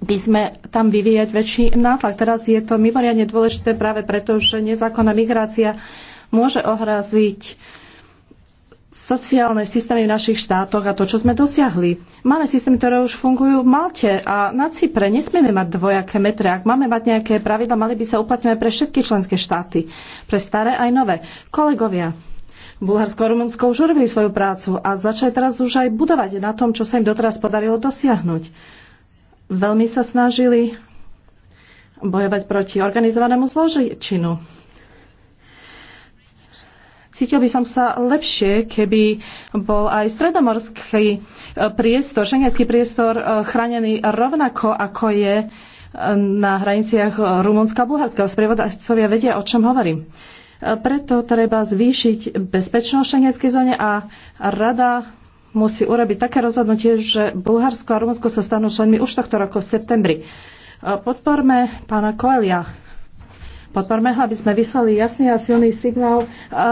by sme tam vyvíjať väčší nátlak. Teraz je to mimoriadne dôležité práve preto, že nezákonná migrácia môže ohraziť sociálne systémy v našich štátoch a to, čo sme dosiahli. Máme systémy, ktoré už fungujú v Malte a na Cypre. Nesmieme mať dvojaké metre. Ak máme mať nejaké pravidla, mali by sa uplatňovať pre všetky členské štáty. Pre staré aj nové. Kolegovia, Bulharsko a Rumunsko už urobili svoju prácu a začali teraz už aj budovať na tom, čo sa im doteraz podarilo dosiahnuť. Veľmi sa snažili bojovať proti organizovanému zločinu Cítil by som sa lepšie, keby bol aj stredomorský e, priestor, šengenský priestor e, chránený rovnako, ako je e, na hraniciach Rumunska a Bulharska. Sprievodcovia vedia, o čom hovorím. Preto treba zvýšiť bezpečnosť šengenskej zóne a rada musí urobiť také rozhodnutie, že Bulharsko a Rumunsko sa stanú členmi už tohto roku v septembri. Podporme pána Koelia Podporme ho, aby sme vyslali jasný a silný signál e,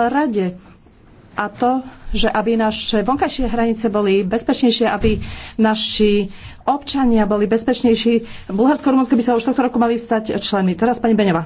rade. A to, že aby naše vonkajšie hranice boli bezpečnejšie, aby naši občania boli bezpečnejší. Bulharsko-Rumunsko by sa už tohto roku mali stať členmi. Teraz pani Beňová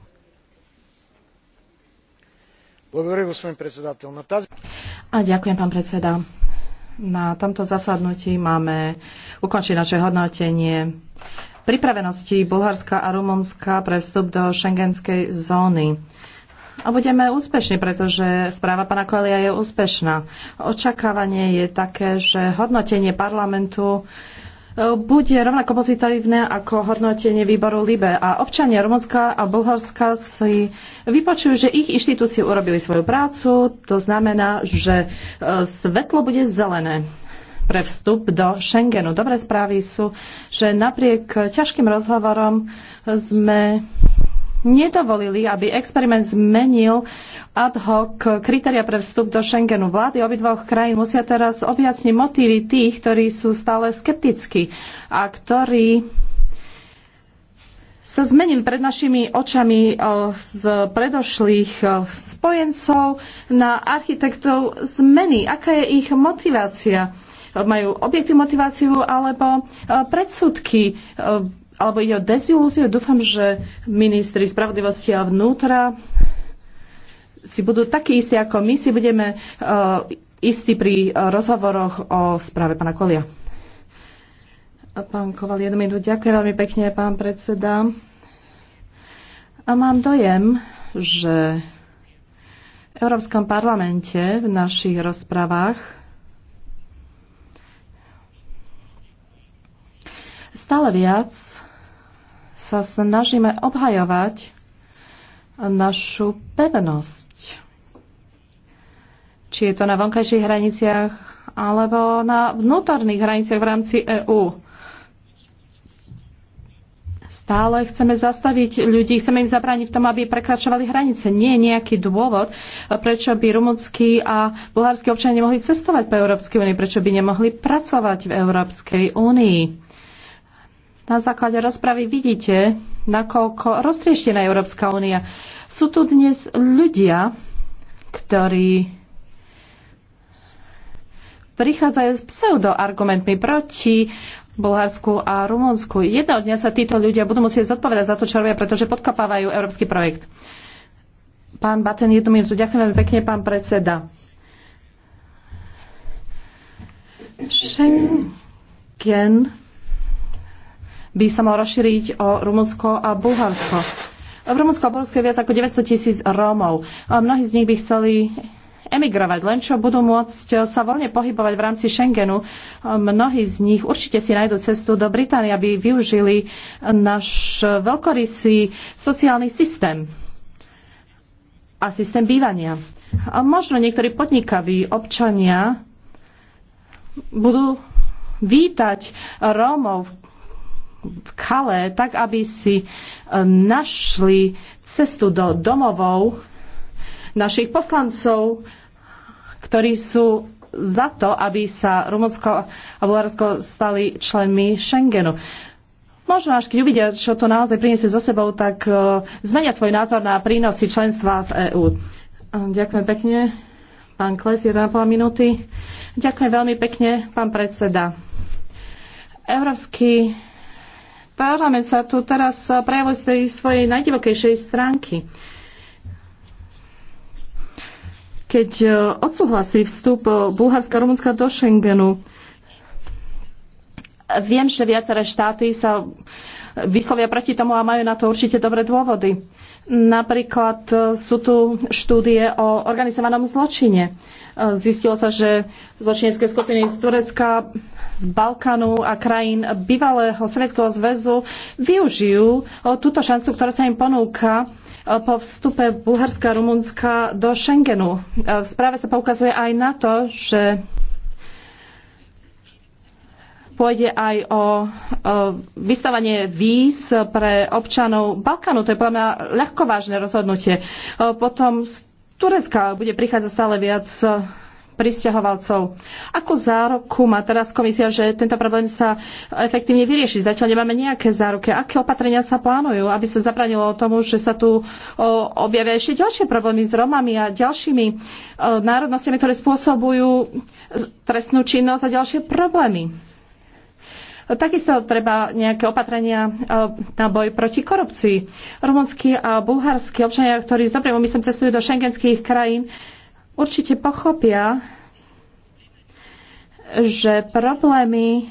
ďakujem, pán predseda. Na tomto zasadnutí máme ukončiť naše hodnotenie pripravenosti Bulharska a Rumunska pre vstup do šengenskej zóny. A budeme úspešní, pretože správa pána Koelia je úspešná. Očakávanie je také, že hodnotenie parlamentu bude rovnako pozitívne ako hodnotenie výboru LIBE. A občania Rumunska a Bulharska si vypočujú, že ich inštitúcie urobili svoju prácu. To znamená, že e, svetlo bude zelené pre vstup do Schengenu. Dobré správy sú, že napriek ťažkým rozhovorom sme nedovolili, aby experiment zmenil ad hoc kritéria pre vstup do Schengenu. Vlády obidvoch krajín musia teraz objasniť motívy tých, ktorí sú stále skeptickí a ktorí sa zmenil pred našimi očami eh, z predošlých eh, spojencov na architektov zmeny. Aká je ich motivácia? Majú objekty motiváciu alebo eh, predsudky? alebo ide o desilúziu. Dúfam, že ministri spravodlivosti a vnútra si budú takí istí ako my, si budeme uh, istí pri uh, rozhovoroch o správe pana Kolia. A pán Koval, jednu minútu. Ďakujem veľmi pekne, pán predseda. A mám dojem, že v Európskom parlamente v našich rozprávach stále viac sa snažíme obhajovať našu pevnosť. Či je to na vonkajších hraniciach alebo na vnútorných hraniciach v rámci EÚ. Stále chceme zastaviť ľudí, chceme im zabrániť v tom, aby prekračovali hranice. Nie je nejaký dôvod, prečo by rumunskí a bulharskí občania nemohli cestovať po Európskej únii, prečo by nemohli pracovať v Európskej únii na základe rozpravy vidíte, nakoľko roztrieštená Európska únia. Sú tu dnes ľudia, ktorí prichádzajú s pseudoargumentmi proti Bulharsku a Rumunsku. Jedného dňa sa títo ľudia budú musieť zodpovedať za to, čo robia, pretože podkapávajú európsky projekt. Pán Baten, jednu minútu. Ďakujem veľmi pekne, pán predseda. Schengen by sa mal rozšíriť o Rumunsko a Bulharsko. V Rumunsku a Bulharsku je viac ako 900 tisíc Rómov. Mnohí z nich by chceli emigrovať, len čo budú môcť sa voľne pohybovať v rámci Schengenu. Mnohí z nich určite si nájdú cestu do Británie, aby využili náš veľkorysý sociálny systém a systém bývania. A možno niektorí podnikaví občania budú vítať Rómov v Kale, tak aby si e, našli cestu do domovov našich poslancov, ktorí sú za to, aby sa Rumunsko a Bulharsko stali členmi Schengenu. Možno až keď uvidia, čo to naozaj priniesie so sebou, tak e, zmenia svoj názor na prínosy členstva v EÚ. Ďakujem pekne. Pán Kles, 1,5 minúty. Ďakujem veľmi pekne, pán predseda. Európsky parlament sa tu teraz prejavuje z tej svojej najdivokejšej stránky. Keď e, odsúhlasí vstup e, Bulharska a Rumunska do Schengenu, viem, že viaceré štáty sa vyslovia proti tomu a majú na to určite dobré dôvody. Napríklad e, sú tu štúdie o organizovanom zločine Zistilo sa, že zločinecké skupiny z Turecka, z Balkánu a krajín bývalého Sovjetského zväzu využijú túto šancu, ktorá sa im ponúka po vstupe Bulharska a Rumunska do Schengenu. E, v správe sa poukazuje aj na to, že pôjde aj o, vystavanie víz pre občanov Balkánu. To je podľa mňa ľahkovážne rozhodnutie. E, potom Turecka bude prichádzať stále viac eh, pristahovalcov. Ako zároku má teraz komisia, že tento problém sa efektívne vyrieši? Zatiaľ nemáme nejaké záruky. Aké opatrenia sa plánujú, aby sa zabranilo tomu, že sa tu eh, objavia ešte ďalšie problémy s Romami a ďalšími eh, národnostiami, ktoré spôsobujú trestnú činnosť a ďalšie problémy? Takisto treba nejaké opatrenia e, na boj proti korupcii. Rumunskí a bulharskí občania, ktorí s dobrým úmyslom cestujú do šengenských krajín, určite pochopia, že problémy e,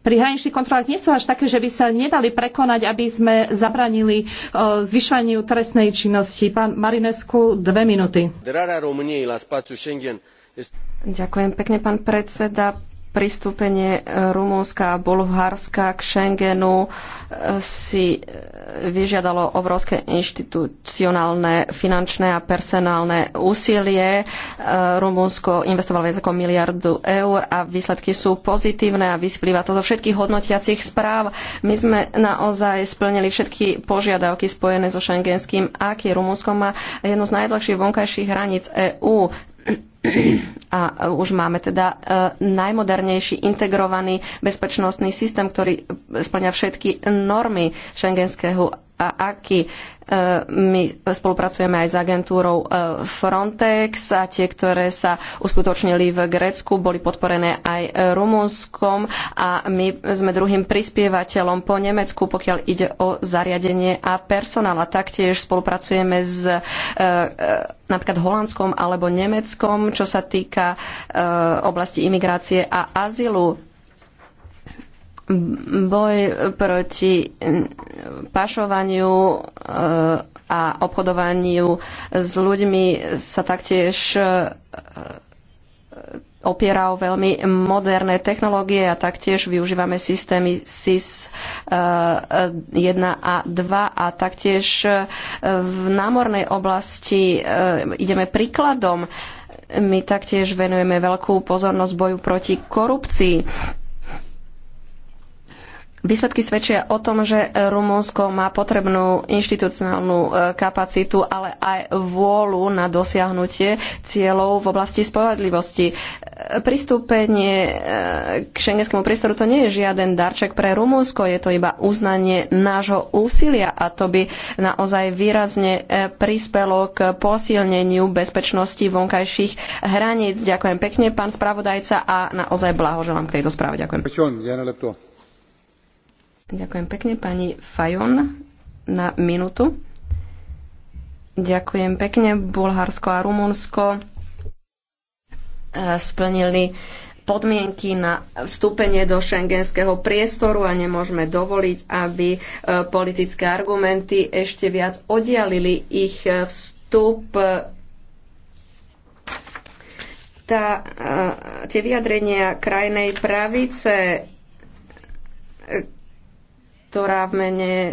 pri hraničných kontrolách nie sú až také, že by sa nedali prekonať, aby sme zabranili e, zvyšovaniu trestnej činnosti. Pán Marinescu, dve minúty. Ďakujem pekne, pán predseda pristúpenie e, Rumúnska a Bulharska k Schengenu e, si e, vyžiadalo obrovské inštitucionálne, finančné a personálne úsilie. Rumúnsko investovalo viac ako miliardu eur a výsledky sú pozitívne a vysplýva to zo všetkých hodnotiacich správ. My sme naozaj splnili všetky požiadavky spojené so šengenským aký. Rumúnsko má jednu z najdlhších vonkajších hraníc EÚ a už máme teda e, najmodernejší integrovaný bezpečnostný systém, ktorý splňa všetky normy šengenského a aký E, my spolupracujeme aj s agentúrou e, Frontex a tie, ktoré sa uskutočnili v Grécku, boli podporené aj e, Rumunskom a my sme druhým prispievateľom po Nemecku, pokiaľ ide o zariadenie a personál. A taktiež spolupracujeme s napríklad holandskom alebo nemeckom, čo sa týka oblasti imigrácie a azylu boj proti pašovaniu eh, a obchodovaniu s ľuďmi sa taktiež eh, opiera o veľmi moderné technológie a taktiež využívame systémy SIS 1 eh, a 2 a taktiež v námornej oblasti ideme príkladom. My taktiež venujeme veľkú pozornosť boju proti korupcii Výsledky svedčia o tom, že Rumunsko má potrebnú inštitucionálnu e, kapacitu, ale aj vôľu na dosiahnutie cieľov v oblasti spovedlivosti. E, pristúpenie e, k šengenskému priestoru to nie je žiaden darček pre Rumunsko, je to iba uznanie nášho úsilia a to by naozaj výrazne prispelo k posilneniu bezpečnosti vonkajších hraníc. Ďakujem pekne, pán spravodajca, a naozaj blahoželám k tejto správe. Ďakujem. Ďakujem pekne pani Fajon na minútu. Ďakujem pekne. Bulharsko a Rumunsko eh, splnili podmienky na vstúpenie do šengenského priestoru a nemôžeme dovoliť, aby eh, politické argumenty ešte viac oddialili ich eh, vstup. Tá, tie vyjadrenia krajnej pravice ktorá v mene e,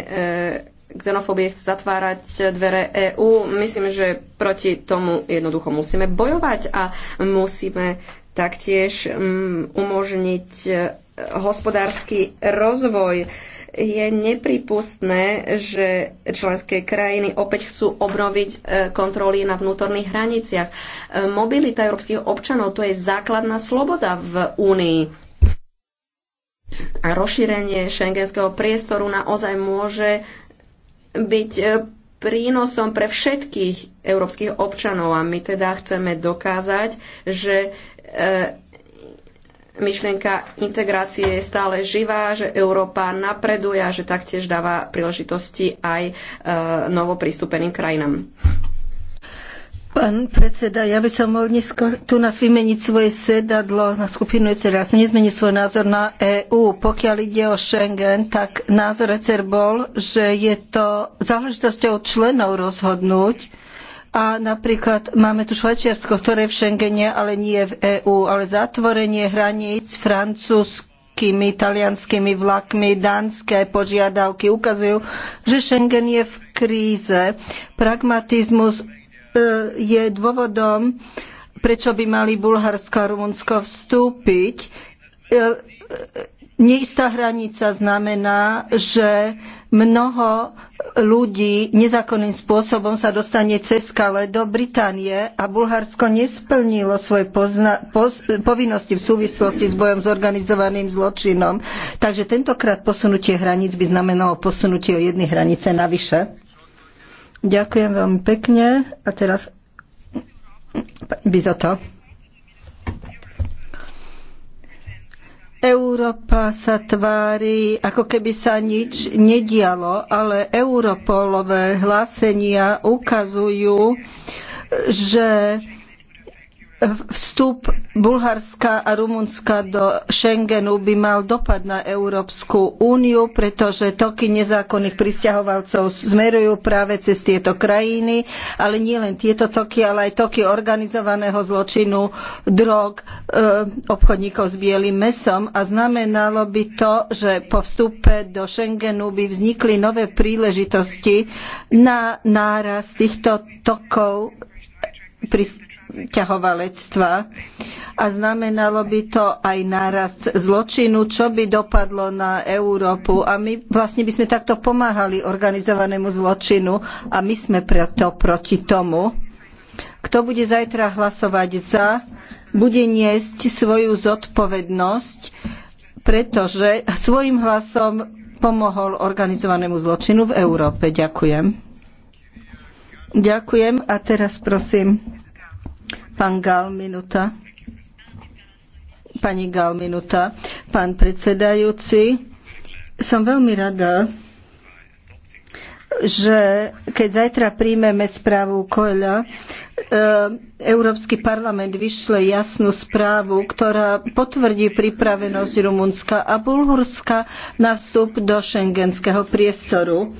xenofóbie chce zatvárať dvere EÚ. Myslím, že proti tomu jednoducho musíme bojovať a musíme taktiež mm, umožniť e, hospodársky rozvoj. Je nepripustné, že členské krajiny opäť chcú obnoviť e, kontroly na vnútorných hraniciach. Mobilita európskych občanov to je základná sloboda v Únii a rozšírenie šengenského priestoru naozaj môže byť e, prínosom pre všetkých európskych občanov a my teda chceme dokázať, že e, myšlienka integrácie je stále živá, že Európa napreduje a že taktiež dáva príležitosti aj e, novoprístupeným krajinám. Pán predseda, ja by som mohol dnes tu nás vymeniť svoje sedadlo na skupinu ECR. Ja som nezmenil svoj názor na EÚ. Pokiaľ ide o Schengen, tak názor ECR bol, že je to záležitosťou členov rozhodnúť. A napríklad máme tu Švajčiarsko, ktoré je v Schengene, ale nie je v EÚ. Ale zatvorenie hraníc francúzskými, talianskými vlakmi, dánske požiadavky ukazujú, že Schengen je v kríze. Pragmatizmus E, je dôvodom, prečo by mali Bulharsko a Rumunsko vstúpiť. E, e, neistá hranica znamená, že mnoho ľudí nezákonným spôsobom sa dostane cez Kale do Británie a Bulharsko nesplnilo svoje povinnosti v súvislosti s bojom s organizovaným zločinom. Takže tentokrát posunutie hraníc by znamenalo posunutie o jednej hranice navyše. Ďakujem veľmi pekne. A teraz to. Európa sa tvári, ako keby sa nič nedialo, ale Europolové hlásenia ukazujú, že vstup Bulharska a Rumunska do Schengenu by mal dopad na Európsku úniu, pretože toky nezákonných pristahovalcov smerujú práve cez tieto krajiny, ale nielen tieto toky, ale aj toky organizovaného zločinu, drog, e, obchodníkov s bielým mesom a znamenalo by to, že po vstupe do Schengenu by vznikli nové príležitosti na nárast týchto tokov pristahovalcov ťahovalectva. A znamenalo by to aj nárast zločinu, čo by dopadlo na Európu. A my vlastne by sme takto pomáhali organizovanému zločinu a my sme preto proti tomu. Kto bude zajtra hlasovať za, bude niesť svoju zodpovednosť, pretože svojim hlasom pomohol organizovanému zločinu v Európe. Ďakujem. Ďakujem a teraz prosím Pán Gal, minúta. Pani Gal, minúta. Pán predsedajúci, som veľmi rada, že keď zajtra príjmeme správu Koľa, e, Európsky parlament vyšle jasnú správu, ktorá potvrdí pripravenosť Rumunska a Bulhurska na vstup do šengenského priestoru.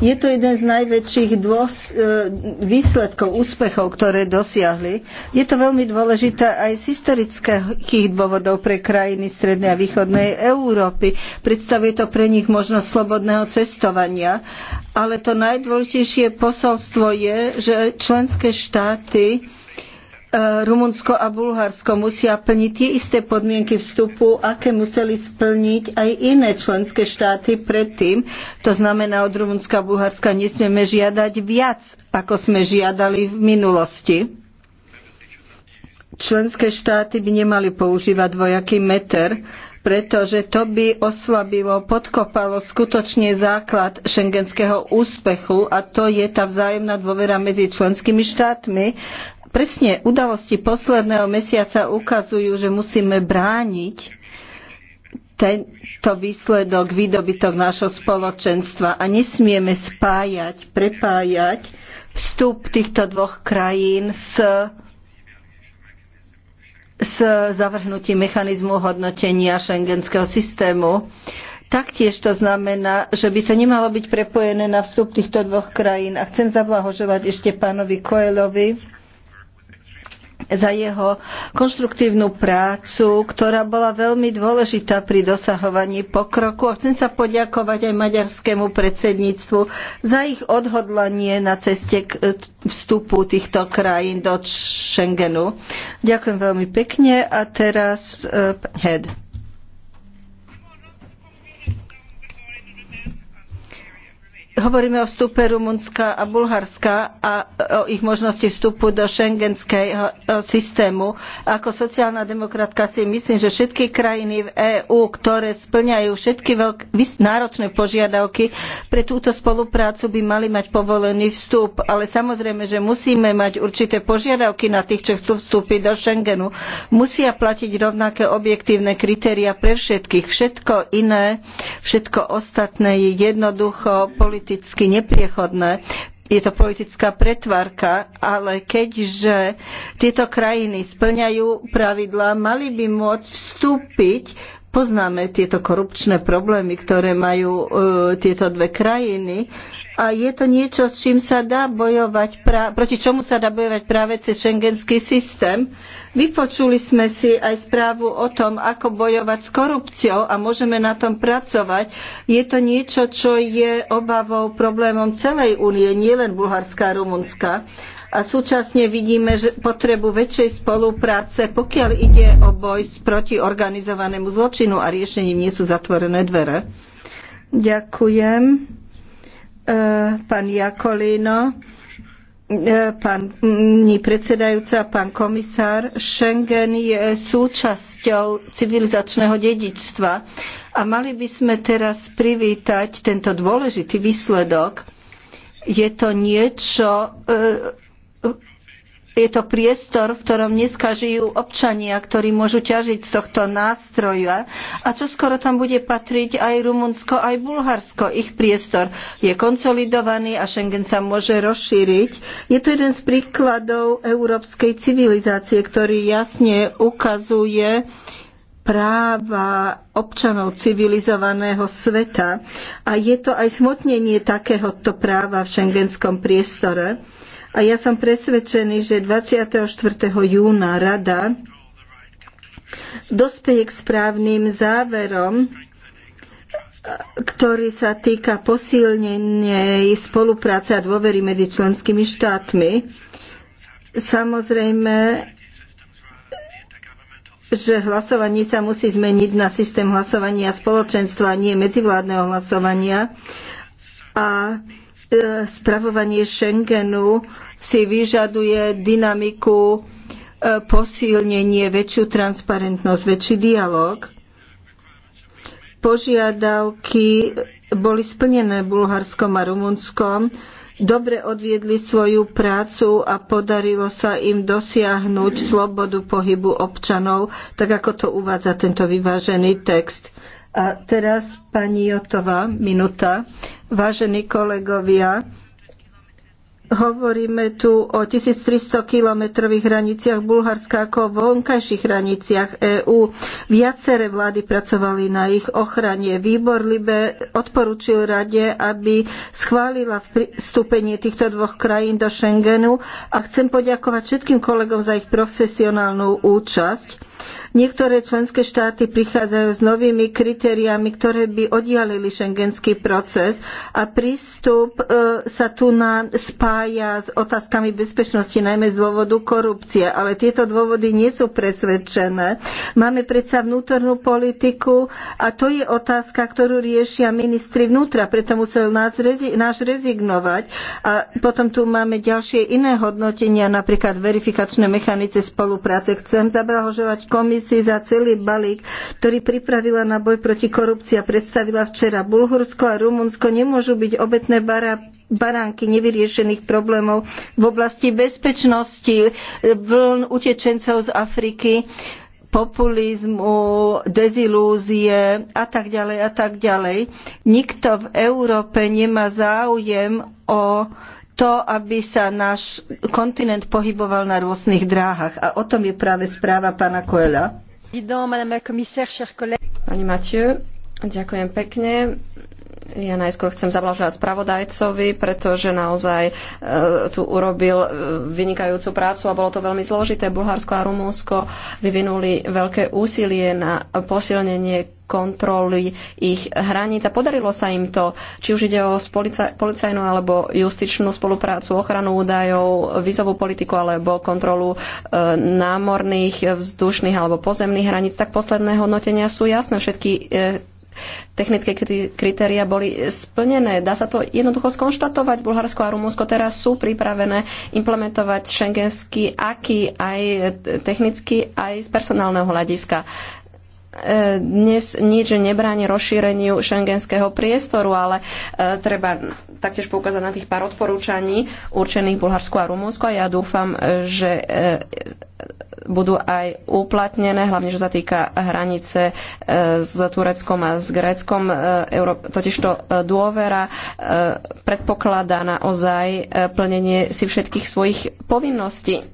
Je to jeden z najväčších dôs, e, výsledkov, úspechov, ktoré dosiahli. Je to veľmi dôležité aj z historických dôvodov pre krajiny Strednej a Východnej Európy. Predstavuje to pre nich možnosť slobodného cestovania. Ale to najdôležitejšie posolstvo je, že členské štáty E, Rumunsko a Bulharsko musia plniť tie isté podmienky vstupu, aké museli splniť aj iné členské štáty predtým. To znamená, od Rumunska a Bulharska nesmieme žiadať viac, ako sme žiadali v minulosti. Členské štáty by nemali používať dvojaký meter, pretože to by oslabilo, podkopalo skutočne základ šengenského úspechu a to je tá vzájomná dôvera medzi členskými štátmi presne udalosti posledného mesiaca ukazujú, že musíme brániť tento výsledok, výdobytok nášho spoločenstva a nesmieme spájať, prepájať vstup týchto dvoch krajín s, s zavrhnutím mechanizmu hodnotenia šengenského systému. Taktiež to znamená, že by to nemalo byť prepojené na vstup týchto dvoch krajín. A chcem zablahoželať ešte pánovi Koelovi, za jeho konštruktívnu prácu, ktorá bola veľmi dôležitá pri dosahovaní pokroku. A chcem sa poďakovať aj maďarskému predsedníctvu za ich odhodlanie na ceste k e, vstupu týchto krajín do Schengenu. Ďakujem veľmi pekne a teraz uh, head. Hovoríme o vstupe Rumunska a Bulharska a o ich možnosti vstupu do schengenského e, systému. Ako sociálna demokratka si myslím, že všetky krajiny v EÚ, ktoré splňajú všetky náročné požiadavky, pre túto spoluprácu by mali mať povolený vstup. Ale samozrejme, že musíme mať určité požiadavky na tých, čo chcú vstúpiť do Schengenu. Musia platiť rovnaké objektívne kritéria pre všetkých. Všetko iné, všetko ostatné je jednoducho politické politicky nepriechodné, je to politická pretvarka, ale keďže tieto krajiny splňajú pravidlá, mali by môcť vstúpiť poznáme tieto korupčné problémy, ktoré majú e, tieto dve krajiny, a je to niečo, s čím sa dá bojovať, proti čomu sa dá bojovať práve cez šengenský systém. Vypočuli sme si aj správu o tom, ako bojovať s korupciou a môžeme na tom pracovať. Je to niečo, čo je obavou problémom celej únie, nielen Bulharska a Rumunska. A súčasne vidíme že potrebu väčšej spolupráce, pokiaľ ide o boj proti organizovanému zločinu a riešením nie sú zatvorené dvere. Ďakujem. Eh, pán Jakolino, eh, pani mm, predsedajúca, pán komisár, Schengen je súčasťou civilizačného dedičstva a mali by sme teraz privítať tento dôležitý výsledok. Je to niečo, eh, je to priestor, v ktorom dneska žijú občania, ktorí môžu ťažiť z tohto nástroja. A čo skoro tam bude patriť aj Rumunsko, aj Bulharsko. Ich priestor je konsolidovaný a Schengen sa môže rozšíriť. Je to jeden z príkladov európskej civilizácie, ktorý jasne ukazuje práva občanov civilizovaného sveta. A je to aj smotnenie takéhoto práva v šengenskom priestore. A ja som presvedčený, že 24. júna rada dospeje k správnym záverom, ktorý sa týka posilnenej spolupráce a dôvery medzi členskými štátmi. Samozrejme, že hlasovanie sa musí zmeniť na systém hlasovania spoločenstva, nie medzivládneho hlasovania. A e, spravovanie Schengenu si vyžaduje dynamiku, e, posilnenie, väčšiu transparentnosť, väčší dialog. Požiadavky boli splnené Bulharskom a Rumunskom, dobre odviedli svoju prácu a podarilo sa im dosiahnuť slobodu pohybu občanov, tak ako to uvádza tento vyvážený text. A teraz pani Jotová, minúta. Vážení kolegovia, Hovoríme tu o 1300-kilometrových hraniciach Bulharska ako o vonkajších hraniciach EÚ. Viaceré vlády pracovali na ich ochrane. Výbor Libe odporučil rade, aby schválila vstúpenie týchto dvoch krajín do Schengenu a chcem poďakovať všetkým kolegom za ich profesionálnu účasť. Niektoré členské štáty prichádzajú s novými kritériami, ktoré by oddialili šengenský proces a prístup e, sa tu spája s otázkami bezpečnosti, najmä z dôvodu korupcie. Ale tieto dôvody nie sú presvedčené. Máme predsa vnútornú politiku a to je otázka, ktorú riešia ministri vnútra, preto musel nás, náš rezignovať. A potom tu máme ďalšie iné hodnotenia, napríklad verifikačné mechanice spolupráce. Chcem zablahoželať komisii komisii za celý balík, ktorý pripravila na boj proti korupcii a predstavila včera. Bulhursko a Rumunsko nemôžu byť obetné baránky nevyriešených problémov v oblasti bezpečnosti, e, vln utečencov z Afriky, populizmu, dezilúzie a tak ďalej a tak ďalej. Nikto v Európe nemá záujem o to, aby sa náš kontinent pohyboval na rôznych dráhach. A o tom je práve správa pána Koela. Pani Mathieu, ďakujem pekne. Ja najskôr chcem zablažovať spravodajcovi, pretože naozaj e, tu urobil e, vynikajúcu prácu a bolo to veľmi zložité. Bulharsko a Rumúnsko vyvinuli veľké úsilie na posilnenie kontroly ich hraníc a podarilo sa im to, či už ide o spolica- policajnú alebo justičnú spoluprácu, ochranu údajov, vizovú politiku alebo kontrolu e, námorných, vzdušných alebo pozemných hraníc, tak posledné hodnotenia sú jasné. Všetky e, technické kritéria boli splnené. Dá sa to jednoducho skonštatovať. Bulharsko a Rumunsko teraz sú pripravené implementovať šengenský aký aj technicky, aj z personálneho hľadiska dnes nič nebráni rozšíreniu šengenského priestoru, ale e, treba taktiež poukázať na tých pár odporúčaní určených Bulharsku a Rumunsku a ja dúfam, e, že e, budú aj uplatnené, hlavne čo sa týka hranice s Tureckom a s Gréckom. Totižto dôvera predpokladá naozaj plnenie si všetkých svojich povinností.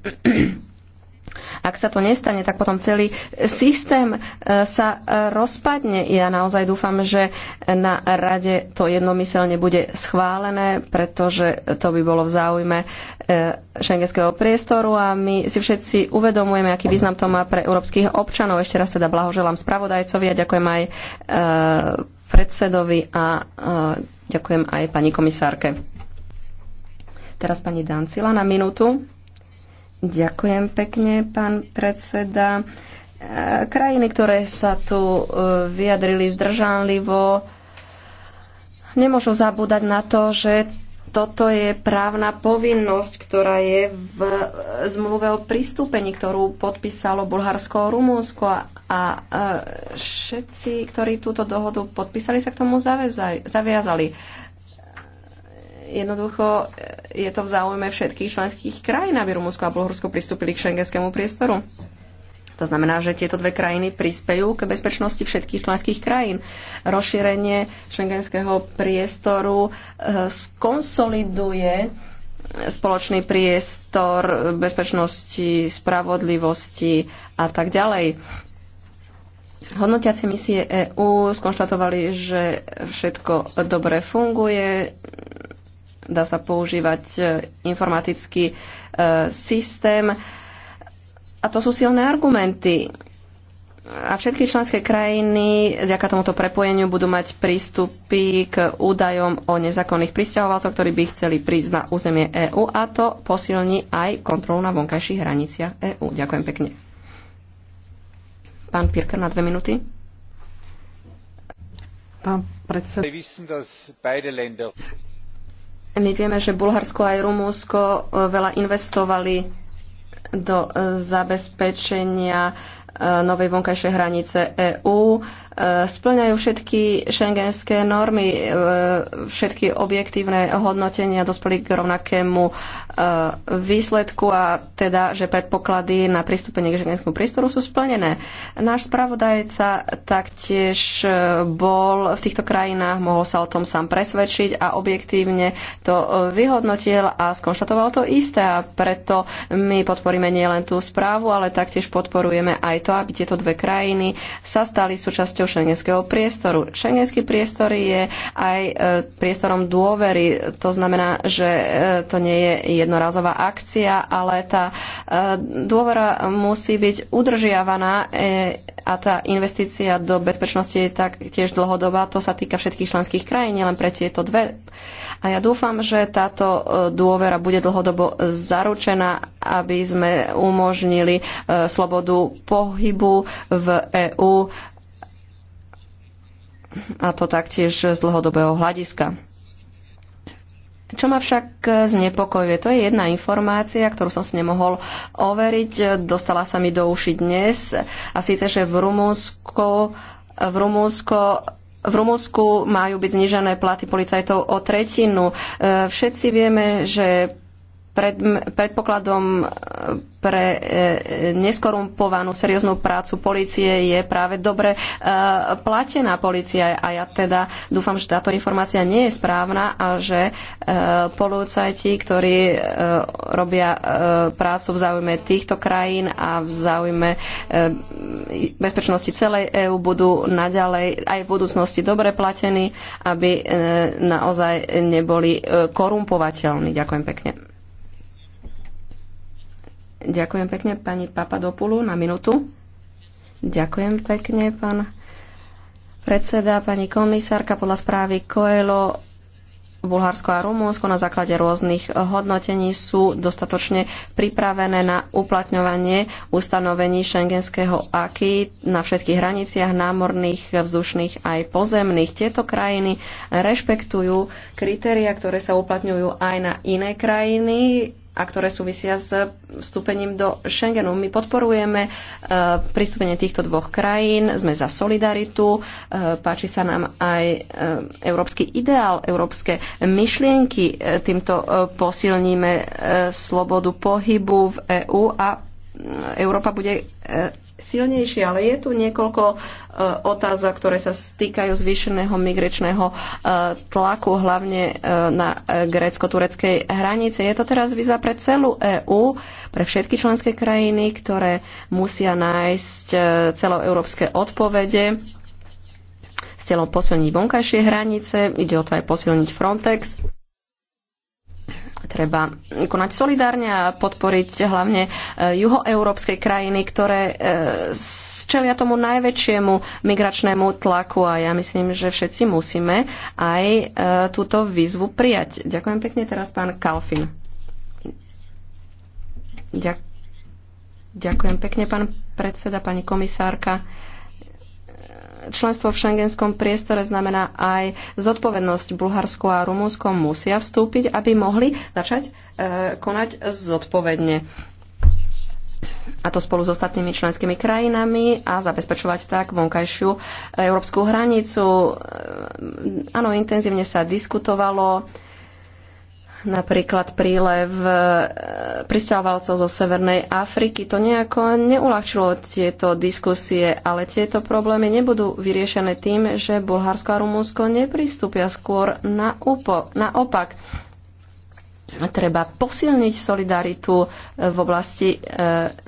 Ak sa to nestane, tak potom celý systém e, sa e, rozpadne. Ja naozaj dúfam, že na rade to jednomyselne bude schválené, pretože to by bolo v záujme e, šengenského priestoru a my si všetci uvedomujeme, aký význam to má pre európskych občanov. Ešte raz teda blahoželám spravodajcovi a ďakujem aj predsedovi a ďakujem aj pani komisárke. Teraz pani Dancila na minútu. Ďakujem pekne, pán predseda. E, krajiny, ktoré sa tu e, vyjadrili zdržanlivo, nemôžu zabúdať na to, že toto je právna povinnosť, ktorá je v zmluve o pristúpení, ktorú podpísalo Bulharsko a Rumúnsko a e, všetci, ktorí túto dohodu podpísali, sa k tomu zaviazali. Jednoducho e, je to v záujme všetkých členských krajín, aby Rumunsko a Bulharsko pristúpili k šengenskému priestoru. To znamená, že tieto dve krajiny prispejú k bezpečnosti všetkých členských krajín. Rozšírenie šengenského priestoru e, skonsoliduje spoločný priestor bezpečnosti, spravodlivosti a tak ďalej. Hodnotiace misie EÚ skonštatovali, že všetko dobre funguje, dá sa používať e, informatický e, systém. A to sú silné argumenty. A všetky členské krajiny vďaka tomuto prepojeniu budú mať prístupy k údajom o nezákonných pristahovalcoch, ktorí by chceli prísť na územie EÚ a to posilní aj kontrolu na vonkajších hraniciach EÚ. Ďakujem pekne. Pán Pirker na dve minúty. Pán predseda. My vieme, že Bulharsko aj Rumúnsko e, veľa investovali do e, zabezpečenia e, novej vonkajšej hranice EÚ. E, splňajú všetky šengenské normy, e, všetky objektívne hodnotenia dospeli k rovnakému e, výsledku a teda, že predpoklady na pristúpenie k šengenskému priestoru sú splnené. Náš spravodajca taktiež bol v týchto krajinách, mohol sa o tom sám presvedčiť a objektívne to vyhodnotil a skonštatoval to isté a preto my podporíme nielen tú správu, ale taktiež podporujeme aj to, aby tieto dve krajiny sa stali súčasťou súčasťou šengenského priestoru. Šengenský priestor je aj e, priestorom dôvery. To znamená, že e, to nie je jednorazová akcia, ale tá e, dôvera musí byť udržiavaná a tá investícia do bezpečnosti je tak tiež dlhodobá. To sa týka všetkých členských krajín, nielen pre tieto dve. A ja dúfam, že táto dôvera bude dlhodobo zaručená, aby sme umožnili slobodu pohybu v EÚ a to taktiež z dlhodobého hľadiska. Čo ma však znepokojuje, to je jedna informácia, ktorú som si nemohol overiť. Dostala sa mi do uši dnes. A síce, že v Rumúnsku, v Rumúnsko v Rumúnsku majú byť znižené platy policajtov o tretinu. E, všetci vieme, že pred, predpokladom e, pre e, neskorumpovanú serióznu prácu policie je práve dobre e, platená policia. A ja teda dúfam, že táto informácia nie je správna a že e, policajti, ktorí e, robia e, prácu v záujme týchto krajín a v záujme e, bezpečnosti celej EÚ, budú naďalej aj v budúcnosti dobre platení, aby e, naozaj neboli e, korumpovateľní. Ďakujem pekne. Ďakujem pekne pani Papadopulu na minútu. Ďakujem pekne, pán predseda, pani komisárka. Podľa správy Koelo Bulharsko a Rumunsko na základe rôznych hodnotení sú dostatočne pripravené na uplatňovanie ustanovení šengenského aky na všetkých hraniciach námorných, vzdušných aj pozemných. Tieto krajiny rešpektujú kritéria, ktoré sa uplatňujú aj na iné krajiny a ktoré súvisia s vstúpením do Schengenu. My podporujeme e, pristúpenie týchto dvoch krajín, sme za solidaritu, e, páči sa nám aj e, európsky ideál, európske myšlienky. Týmto posilníme slobodu pohybu v EÚ a Európa bude silnejšie, ale je tu niekoľko e, otázok, ktoré sa stýkajú zvýšeného migračného e, tlaku, hlavne e, na grécko-tureckej hranice. Je to teraz víza pre celú EÚ, pre všetky členské krajiny, ktoré musia nájsť celoeurópske odpovede s cieľom posilniť vonkajšie hranice, ide o to aj posilniť Frontex treba konať solidárne a podporiť hlavne e, juhoeurópske krajiny, ktoré e, čelia tomu najväčšiemu migračnému tlaku a ja myslím, že všetci musíme aj e, túto výzvu prijať. Ďakujem pekne teraz pán Kalfin. Ďakujem pekne pán predseda, pani komisárka členstvo v šengenskom priestore znamená aj zodpovednosť. Bulharsko a Rumunsko musia vstúpiť, aby mohli začať e, konať zodpovedne a to spolu s ostatnými členskými krajinami a zabezpečovať tak vonkajšiu európsku hranicu. E, áno, intenzívne sa diskutovalo napríklad prílev e, pristahovalcov zo Severnej Afriky. To nejako neulahčilo tieto diskusie, ale tieto problémy nebudú vyriešené tým, že Bulharsko a Rumunsko nepristúpia skôr na upo, naopak. Treba posilniť solidaritu e, v oblasti e,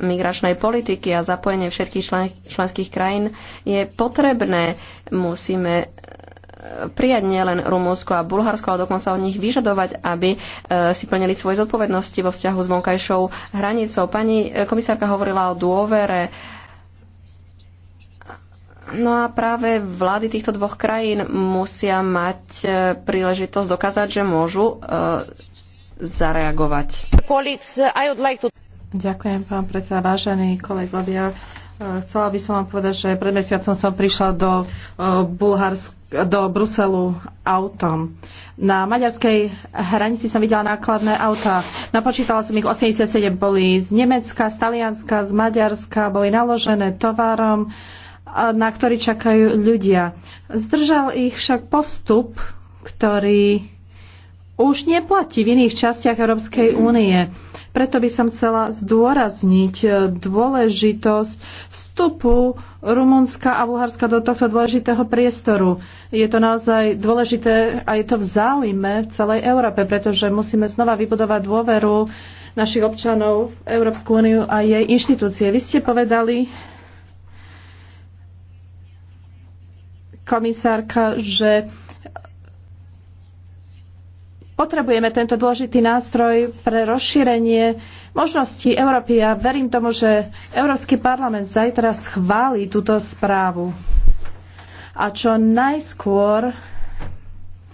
migračnej politiky a zapojenie všetkých člen, členských krajín je potrebné. Musíme prijať nielen Rumúnsko a Bulharsko, ale dokonca od nich vyžadovať, aby e, si plnili svoje zodpovednosti vo vzťahu s vonkajšou hranicou. Pani e, komisárka hovorila o dôvere. No a práve vlády týchto dvoch krajín musia mať e, príležitosť dokázať, že môžu zareagovať. Ďakujem, pán predseda. Vážení kolegovia, chcela by som vám povedať, že pred mesiacom som prišla do Bulharska do Bruselu autom. Na maďarskej hranici som videla nákladné auta. Napočítala som ich 87, boli z Nemecka, z Talianska, z Maďarska, boli naložené tovarom, na ktorý čakajú ľudia. Zdržal ich však postup, ktorý už neplatí v iných častiach Európskej únie. Preto by som chcela zdôrazniť e, dôležitosť vstupu Rumunska a Bulharska do tohto dôležitého priestoru. Je to naozaj dôležité a je to v záujme v celej Európe, pretože musíme znova vybudovať dôveru našich občanov v Európsku úniu a jej inštitúcie. Vy ste povedali, komisárka, že potrebujeme tento dôležitý nástroj pre rozšírenie možností Európy a ja verím tomu, že Európsky parlament zajtra schváli túto správu. A čo najskôr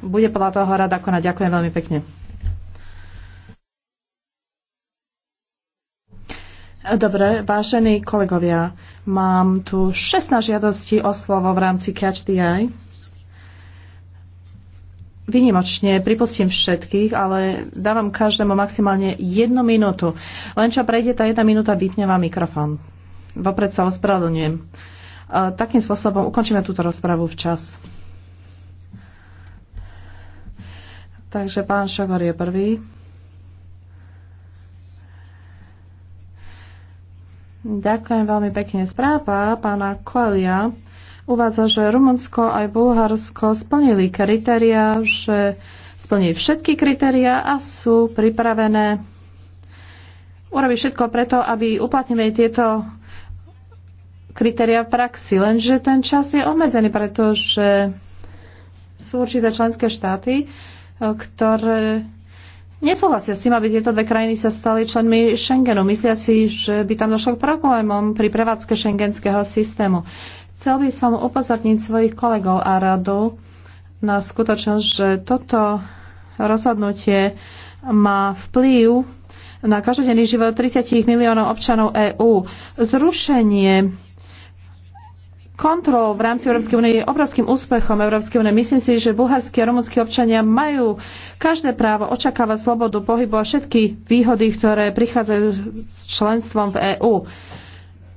bude podľa toho rada konať. Ďakujem veľmi pekne. Dobre, vážení kolegovia, mám tu 16 žiadostí o slovo v rámci Catch the Eye. Vynimočne pripustím všetkých, ale dávam každému maximálne jednu minútu. Len čo prejde tá jedna minúta, vypne vám mikrofón. Vopred sa ospravedlňujem. Takým spôsobom ukončíme túto rozpravu včas. Takže pán Šogor je prvý. Ďakujem veľmi pekne. Správa pána koelia uvádza, že Rumunsko aj Bulharsko splnili kritéria, že splnili všetky kritéria a sú pripravené urobiť všetko preto, aby uplatnili tieto kritéria v praxi. Lenže ten čas je obmedzený, pretože sú určité členské štáty, e, ktoré nesúhlasia s tým, aby tieto dve krajiny sa stali členmi Schengenu. Myslia si, že by tam došlo k problémom pri prevádzke šengenského systému. Chcel by som upozorniť svojich kolegov a radu na skutočnosť, že toto rozhodnutie má vplyv na každodenný život 30 miliónov občanov EÚ. Zrušenie kontrol v rámci Európskej únie je obrovským úspechom Európskej únie. Myslím si, že bulharskí a rumunskí občania majú každé právo očakávať slobodu pohybu a všetky výhody, ktoré prichádzajú s členstvom v EÚ.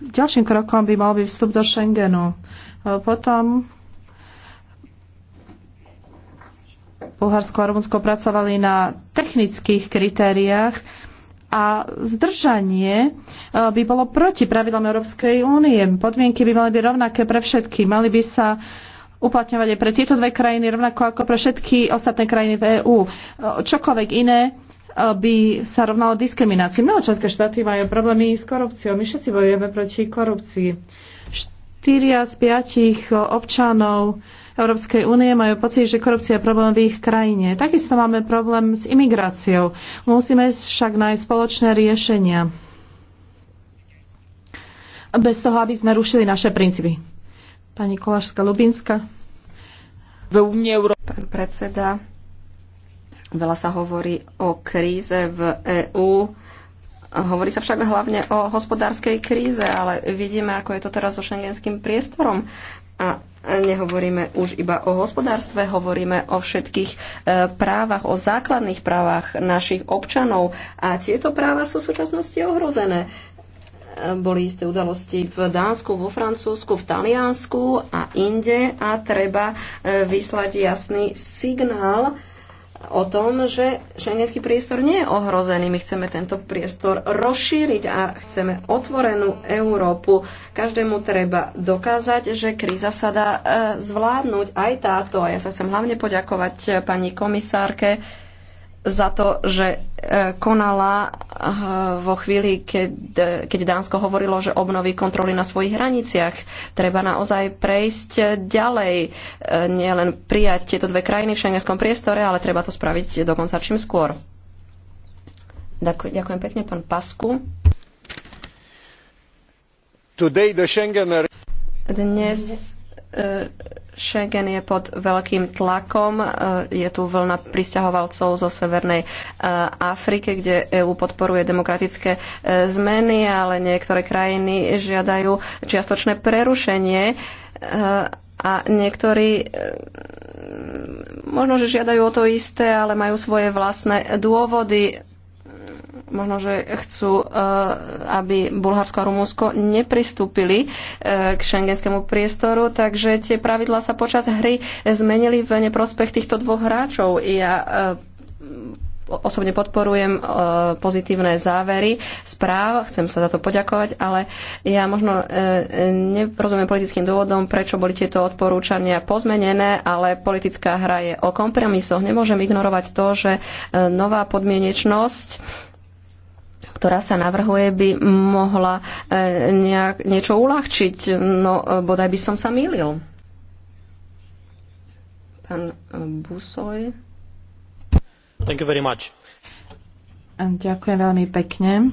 Ďalším krokom by mal byť vstup do Schengenu. E, potom Bulharsko a Rumunsko pracovali na technických kritériách a zdržanie e, by bolo proti pravidlom Európskej únie. Podmienky by mali byť rovnaké pre všetky. Mali by sa uplatňovať aj pre tieto dve krajiny, rovnako ako pre všetky ostatné krajiny v EÚ. E, čokoľvek iné by sa rovnalo diskriminácii. Mnoho členské štáty majú problémy s korupciou. My všetci bojujeme proti korupcii. Štyria z piatich občanov Európskej únie majú pocit, že korupcia je problém v ich krajine. Takisto máme problém s imigráciou. Musíme však nájsť spoločné riešenia bez toho, aby sme rušili naše princípy. Pani Kolašská-Lubinska. V Únie Pán predseda, Veľa sa hovorí o kríze v EÚ. Hovorí sa však hlavne o hospodárskej kríze, ale vidíme, ako je to teraz so šengenským priestorom. A nehovoríme už iba o hospodárstve, hovoríme o všetkých e, právach, o základných právach našich občanov. A tieto práva sú v súčasnosti ohrozené e, boli isté udalosti v Dánsku, vo Francúzsku, v Taliansku a inde a treba e, vyslať jasný signál o tom, že šengenský priestor nie je ohrozený. My chceme tento priestor rozšíriť a chceme otvorenú Európu. Každému treba dokázať, že kríza sa dá e, zvládnuť aj táto. A ja sa chcem hlavne poďakovať e, pani komisárke za to, že e, konala e, vo chvíli, keď, e, keď Dánsko hovorilo, že obnoví kontroly na svojich hraniciach. Treba naozaj prejsť ďalej, nielen prijať tieto dve krajiny v šengenskom priestore, ale treba to spraviť dokonca čím skôr. Ďakujem, pekne, pán Pasku. Dnes Schengen je pod veľkým tlakom. E, je tu vlna pristahovalcov zo Severnej e, Afriky, kde EÚ podporuje demokratické e, zmeny, ale niektoré krajiny žiadajú čiastočné prerušenie a niektorí možno, že žiadajú o to isté, ale majú svoje vlastné dôvody možno, že chcú, e, aby Bulharsko a Rumúnsko nepristúpili e, k šengenskému priestoru, takže tie pravidlá sa počas hry zmenili v neprospech týchto dvoch hráčov. Ja e, osobne podporujem pozitívne závery správ, chcem sa za to poďakovať, ale ja možno nerozumiem politickým dôvodom, prečo boli tieto odporúčania pozmenené, ale politická hra je o kompromisoch. Nemôžem ignorovať to, že nová podmienečnosť ktorá sa navrhuje, by mohla e, nejak, niečo uľahčiť. No, e, bodaj by som sa mýlil. Pán e, Busoj. Thank you very much. Ďakujem veľmi pekne.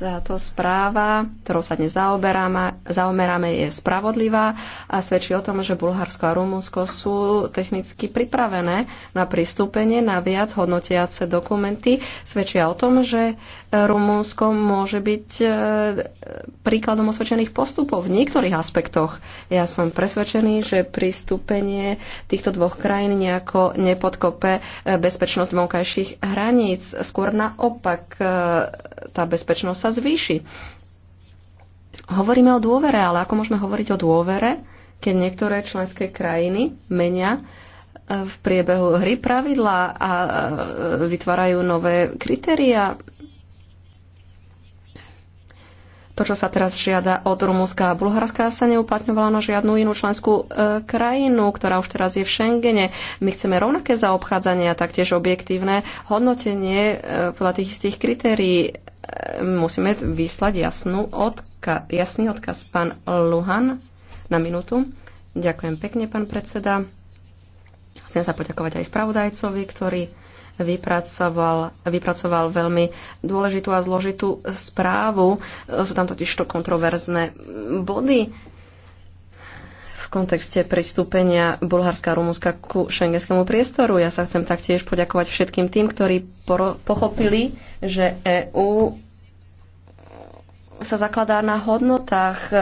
Táto správa, ktorou sa dnes zaoberáme, zaoberáme, je spravodlivá a svedčí o tom, že Bulharsko a Rumunsko sú technicky pripravené na pristúpenie na viac hodnotiace dokumenty. Svedčia o tom, že Rumunsko môže byť e, príkladom osvedčených postupov v niektorých aspektoch. Ja som presvedčený, že pristúpenie týchto dvoch krajín nejako nepodkope e, bezpečnosť vonkajších hraníc. Skôr naopak e, tá bezpečnosť sa zvýši. Hovoríme o dôvere, ale ako môžeme hovoriť o dôvere, keď niektoré členské krajiny menia v priebehu hry pravidla a vytvárajú nové kritéria to, čo sa teraz žiada od Rumúnska a Bulharska, sa neuplatňovala na žiadnu inú členskú e, krajinu, ktorá už teraz je v Schengene. My chceme rovnaké zaobchádzanie a taktiež objektívne hodnotenie e, podľa tých istých kritérií. E, musíme vyslať jasnú odka- jasný odkaz. Pán Luhan, na minútu. Ďakujem pekne, pán predseda. Chcem sa poďakovať aj spravodajcovi, ktorý vypracoval, vypracoval veľmi dôležitú a zložitú správu. Sú tam totiž to kontroverzné body v kontexte pristúpenia Bulharska a Rumunska ku šengenskému priestoru. Ja sa chcem taktiež poďakovať všetkým tým, ktorí pochopili, že EÚ sa zakladá na hodnotách e,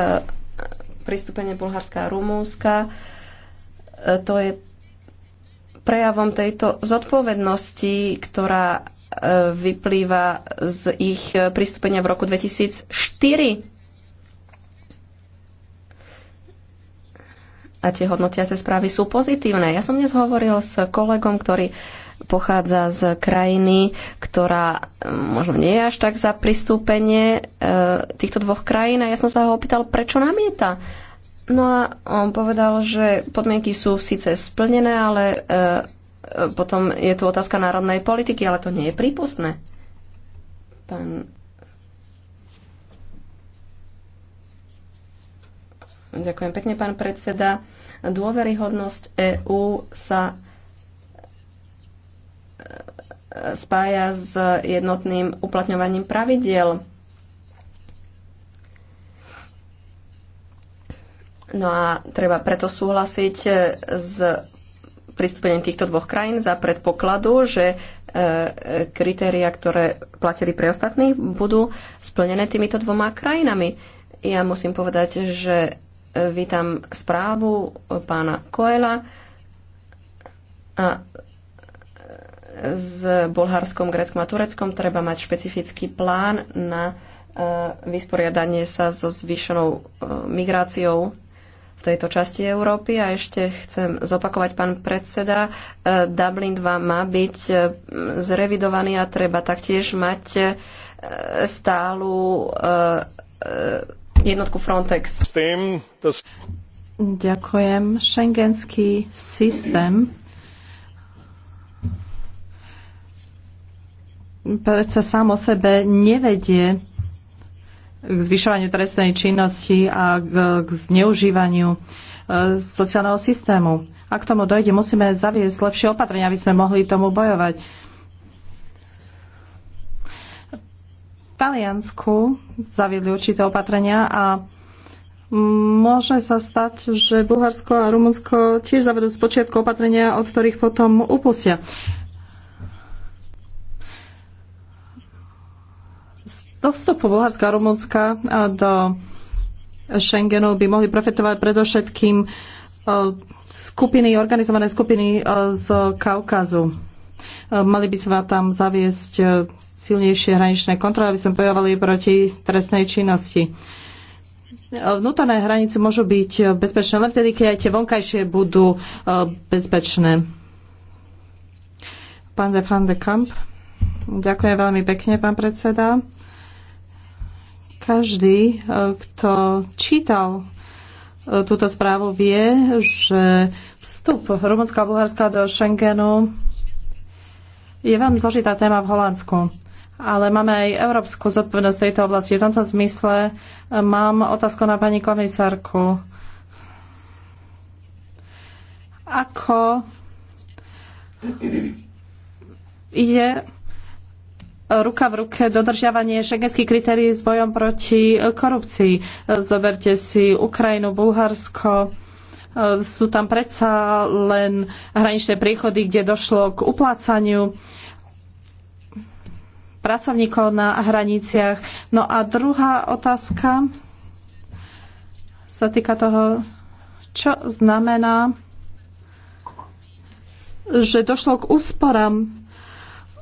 pristúpenie Bulharska a Rumúnska. E, to je prejavom tejto zodpovednosti, ktorá e, vyplýva z ich e, pristúpenia v roku 2004. A tie hodnotiace správy sú pozitívne. Ja som dnes hovoril s kolegom, ktorý pochádza z krajiny, ktorá e, možno nie je až tak za pristúpenie týchto dvoch krajín. A ja som sa ho opýtal, prečo namieta. No a on povedal, že podmienky sú síce splnené, ale e, e, potom je tu otázka národnej politiky, ale to nie je prípustné. Pán... Ďakujem pekne, pán predseda. Dôveryhodnosť EÚ sa e, e, spája s jednotným uplatňovaním pravidiel No a treba preto súhlasiť e, s pristúpením týchto dvoch krajín za predpokladu, že e, e, kritéria, ktoré platili pre ostatných, budú splnené týmito dvoma krajinami. Ja musím povedať, že vítam správu pána Koela a s Bulharskom, Gréckom a Tureckom treba mať špecifický plán na vysporiadanie sa so zvýšenou migráciou v tejto časti Európy. A ešte chcem zopakovať, pán predseda, e, Dublin 2 má byť e, zrevidovaný a treba taktiež mať e, stálu jednotku Frontex. Ďakujem. Schengenský systém predsa sám o sebe nevedie k zvyšovaniu trestnej činnosti a k, zneužívaniu e, sociálneho systému. Ak k tomu dojde, musíme zaviesť lepšie opatrenia, aby sme mohli tomu bojovať. V Taliansku zaviedli určité opatrenia a môže sa stať, že Bulharsko a Rumunsko tiež zavedú z počiatku opatrenia, od ktorých potom upustia. Do vstupu Bulharska a Rumunska do Schengenu by mohli profitovať predovšetkým e, skupiny, organizované skupiny e, z Kaukazu. E, mali by sme tam zaviesť silnejšie hraničné kontroly, aby sme bojovali proti trestnej činnosti. Vnútorné hranice môžu byť bezpečné len vtedy, keď aj tie vonkajšie budú bezpečné. Pán de Van de Kamp. Ďakujem veľmi pekne, pán predseda. Každý, e, kto čítal e, túto správu, vie, že vstup Rumunska a Bulharska do Schengenu je veľmi zložitá téma v Holandsku. Ale máme aj európsku zodpovednosť v tejto oblasti. V tomto zmysle e, mám otázku na pani komisárku. Ako je ruka v ruke dodržiavanie šengenských kritérií s bojom proti korupcii. Zoberte si Ukrajinu, Bulharsko. Sú tam predsa len hraničné príchody, kde došlo k uplácaniu pracovníkov na hraniciach. No a druhá otázka sa týka toho, čo znamená, že došlo k úsporám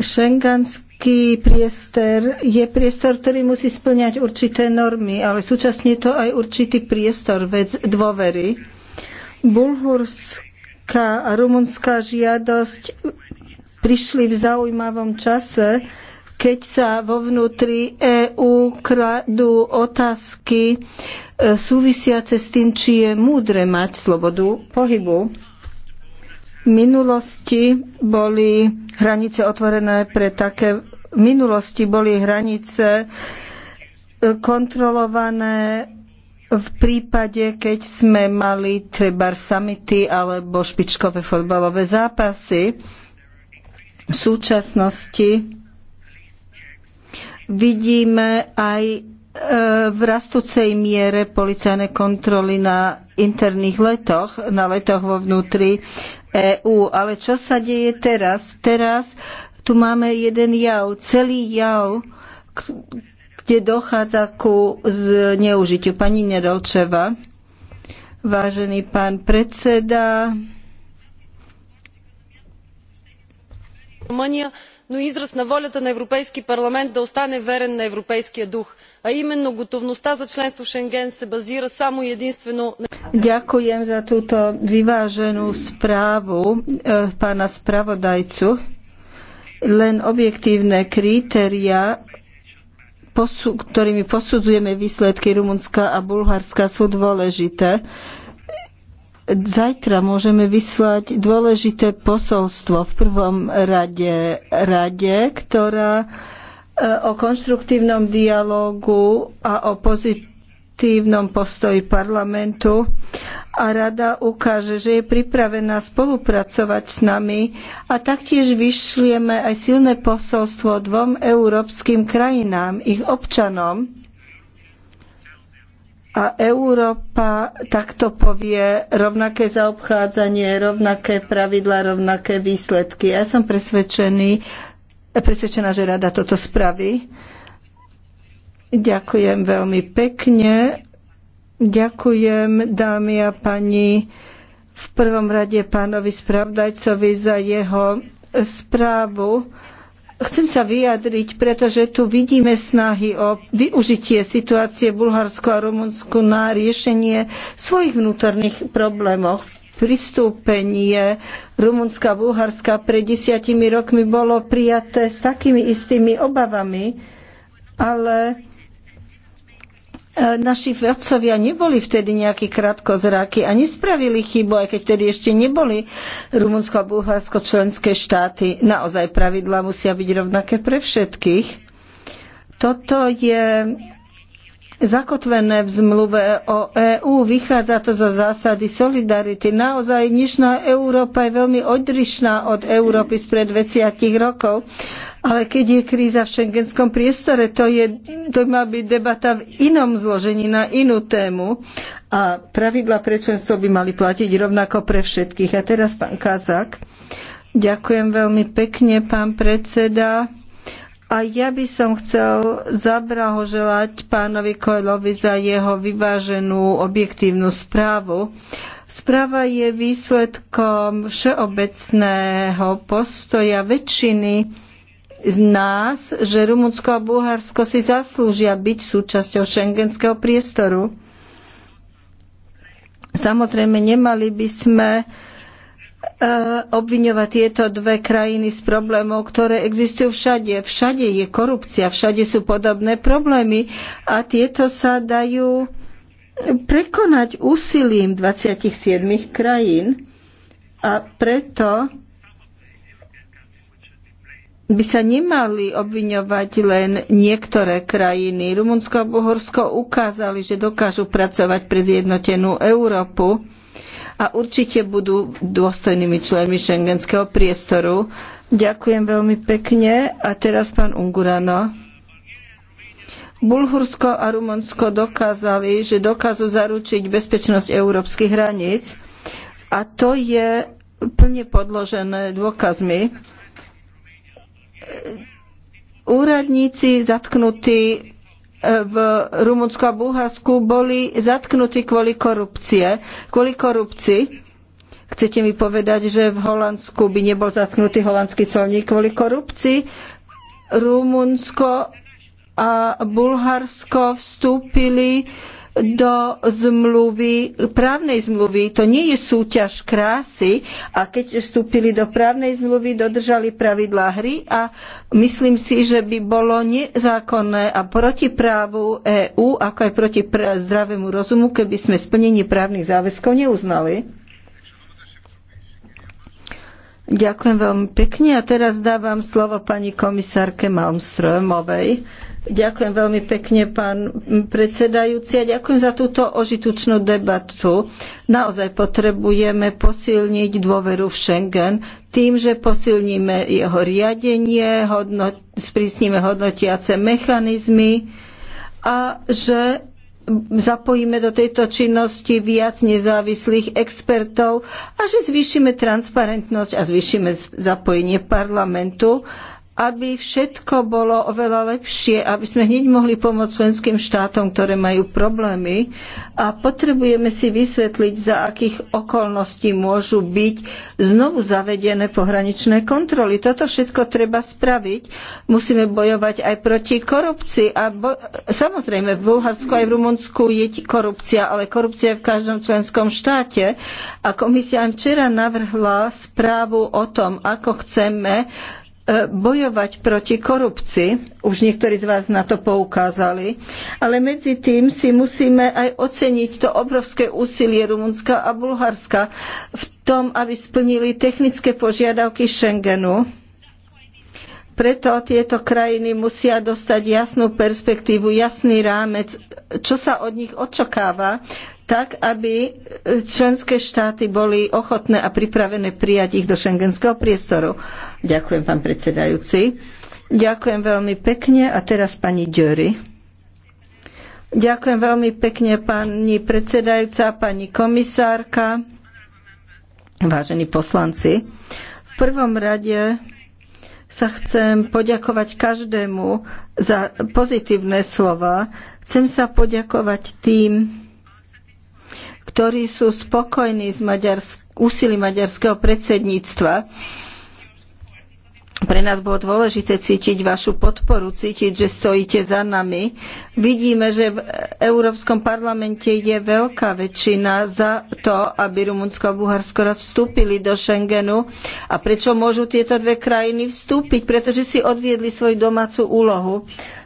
Schengenský priestor je priestor, ktorý musí splňať určité normy, ale súčasne je to aj určitý priestor vec dôvery. Bulhurská a rumunská žiadosť prišli v zaujímavom čase, keď sa vo vnútri EÚ kradú otázky e, súvisiace s tým, či je múdre mať slobodu pohybu minulosti boli hranice otvorené pre také v minulosti boli hranice e, kontrolované v prípade, keď sme mali treba samity alebo špičkové fotbalové zápasy. V súčasnosti vidíme aj v rastúcej miere policajné kontroly na interných letoch, na letoch vo vnútri EÚ. Ale čo sa deje teraz? Teraz tu máme jeden jav, celý jav, kde dochádza ku zneužitiu. Pani Nerolčeva, vážený pán predseda, но и израз на волята на европейския парламент да остане верен на европейския дух а именно готовността за членство в шенген се базира само и единствено Ďakujem za túto vyváženú správu e, pána spravodajcu. Len objektívne kritéria ktorými posudzujeme výsledky Rumunska a Bulharska, sú dôležité. Zajtra môžeme vyslať dôležité posolstvo v prvom rade, rade ktorá e, o konštruktívnom dialógu a o pozitívnom postoji parlamentu a rada ukáže, že je pripravená spolupracovať s nami a taktiež vyšlieme aj silné posolstvo dvom európskym krajinám, ich občanom, a Európa takto povie rovnaké zaobchádzanie, rovnaké pravidla, rovnaké výsledky. Ja som presvedčený, presvedčená, že rada toto spraví. Ďakujem veľmi pekne. Ďakujem dámy a pani v prvom rade pánovi spravdajcovi za jeho správu. Chcem sa vyjadriť, pretože tu vidíme snahy o využitie situácie v Bulharsku a Rumunsku na riešenie svojich vnútorných problémov. Pristúpenie Rumunska a Bulharska pred desiatimi rokmi bolo prijaté s takými istými obavami, ale E, naši vedcovia neboli vtedy nejakí krátkozráky a nespravili chybu, aj keď vtedy ešte neboli Rumunsko a Bulharsko členské štáty. Naozaj pravidlá musia byť rovnaké pre všetkých. Toto je zakotvené v zmluve o EÚ. Vychádza to zo zásady solidarity. Naozaj dnešná Európa je veľmi odlišná od Európy spred 20 rokov. Ale keď je kríza v šengenskom priestore, to, je, to má byť debata v inom zložení na inú tému. A pravidla pre členstvo by mali platiť rovnako pre všetkých. A teraz pán Kazak. Ďakujem veľmi pekne, pán predseda. A ja by som chcel zabrahoželať pánovi Koelovi za jeho vyváženú objektívnu správu. Správa je výsledkom všeobecného postoja väčšiny z nás, že Rumunsko a Bulharsko si zaslúžia byť súčasťou šengenského priestoru. Samozrejme, nemali by sme uh, E, obviňovať tieto dve krajiny z problémov, ktoré existujú všade. Všade je korupcia, všade sú podobné problémy a tieto sa dajú prekonať úsilím 27 krajín a preto by sa nemali obviňovať len niektoré krajiny. Rumunsko a Bohorsko ukázali, že dokážu pracovať pre zjednotenú Európu a určite budú dôstojnými členmi šengenského priestoru. Ďakujem veľmi pekne. A teraz pán Ungurano. Bulhursko a Rumunsko dokázali, že dokážu zaručiť bezpečnosť európskych hraníc a to je plne podložené dôkazmi. Úradníci zatknutí v Rumunsku a Bulharsku boli zatknutí kvôli korupcie. Kvôli korupcii. Chcete mi povedať, že v Holandsku by nebol zatknutý holandský colník kvôli korupcii? Rumunsko a Bulharsko vstúpili do zmluvy, právnej zmluvy. To nie je súťaž krásy a keď vstúpili do právnej zmluvy, dodržali pravidlá hry a myslím si, že by bolo nezákonné a proti právu EÚ, ako aj proti zdravému rozumu, keby sme splnenie právnych záväzkov neuznali. Ďakujem veľmi pekne a teraz dávam slovo pani komisárke Malmströmovej. Ďakujem veľmi pekne, pán predsedajúci, a ďakujem za túto ožitučnú debatu. Naozaj potrebujeme posilniť dôveru v Schengen tým, že posilníme jeho riadenie, hodno, sprísnime hodnotiace mechanizmy a že zapojíme do tejto činnosti viac nezávislých expertov a že zvýšime transparentnosť a zvýšime zapojenie parlamentu aby všetko bolo oveľa lepšie, aby sme hneď mohli pomôcť členským štátom, ktoré majú problémy a potrebujeme si vysvetliť, za akých okolností môžu byť znovu zavedené pohraničné kontroly. Toto všetko treba spraviť. Musíme bojovať aj proti korupcii. A bo... Samozrejme, v Bulharsku aj v Rumunsku je korupcia, ale korupcia je v každom členskom štáte. A komisia včera navrhla správu o tom, ako chceme E, bojovať proti korupcii. Už niektorí z vás na to poukázali. Ale medzi tým si musíme aj oceniť to obrovské úsilie Rumunska a Bulharska v tom, aby splnili technické požiadavky Schengenu. Preto tieto krajiny musia dostať jasnú perspektívu, jasný rámec čo sa od nich očakáva, tak aby členské štáty boli ochotné a pripravené prijať ich do šengenského priestoru. Ďakujem, pán predsedajúci. Ďakujem veľmi pekne a teraz pani Dury. Ďakujem veľmi pekne pani predsedajúca, pani komisárka, vážení poslanci. V prvom rade sa chcem poďakovať každému za pozitívne slova. Chcem sa poďakovať tým, ktorí sú spokojní s maďarsk- úsilím maďarského predsedníctva pre nás bolo dôležité cítiť vašu podporu, cítiť, že stojíte za nami. Vidíme, že v Európskom parlamente je veľká väčšina za to, aby Rumunsko a Bulharsko raz vstúpili do Schengenu. A prečo môžu tieto dve krajiny vstúpiť? Pretože si odviedli svoju domácu úlohu.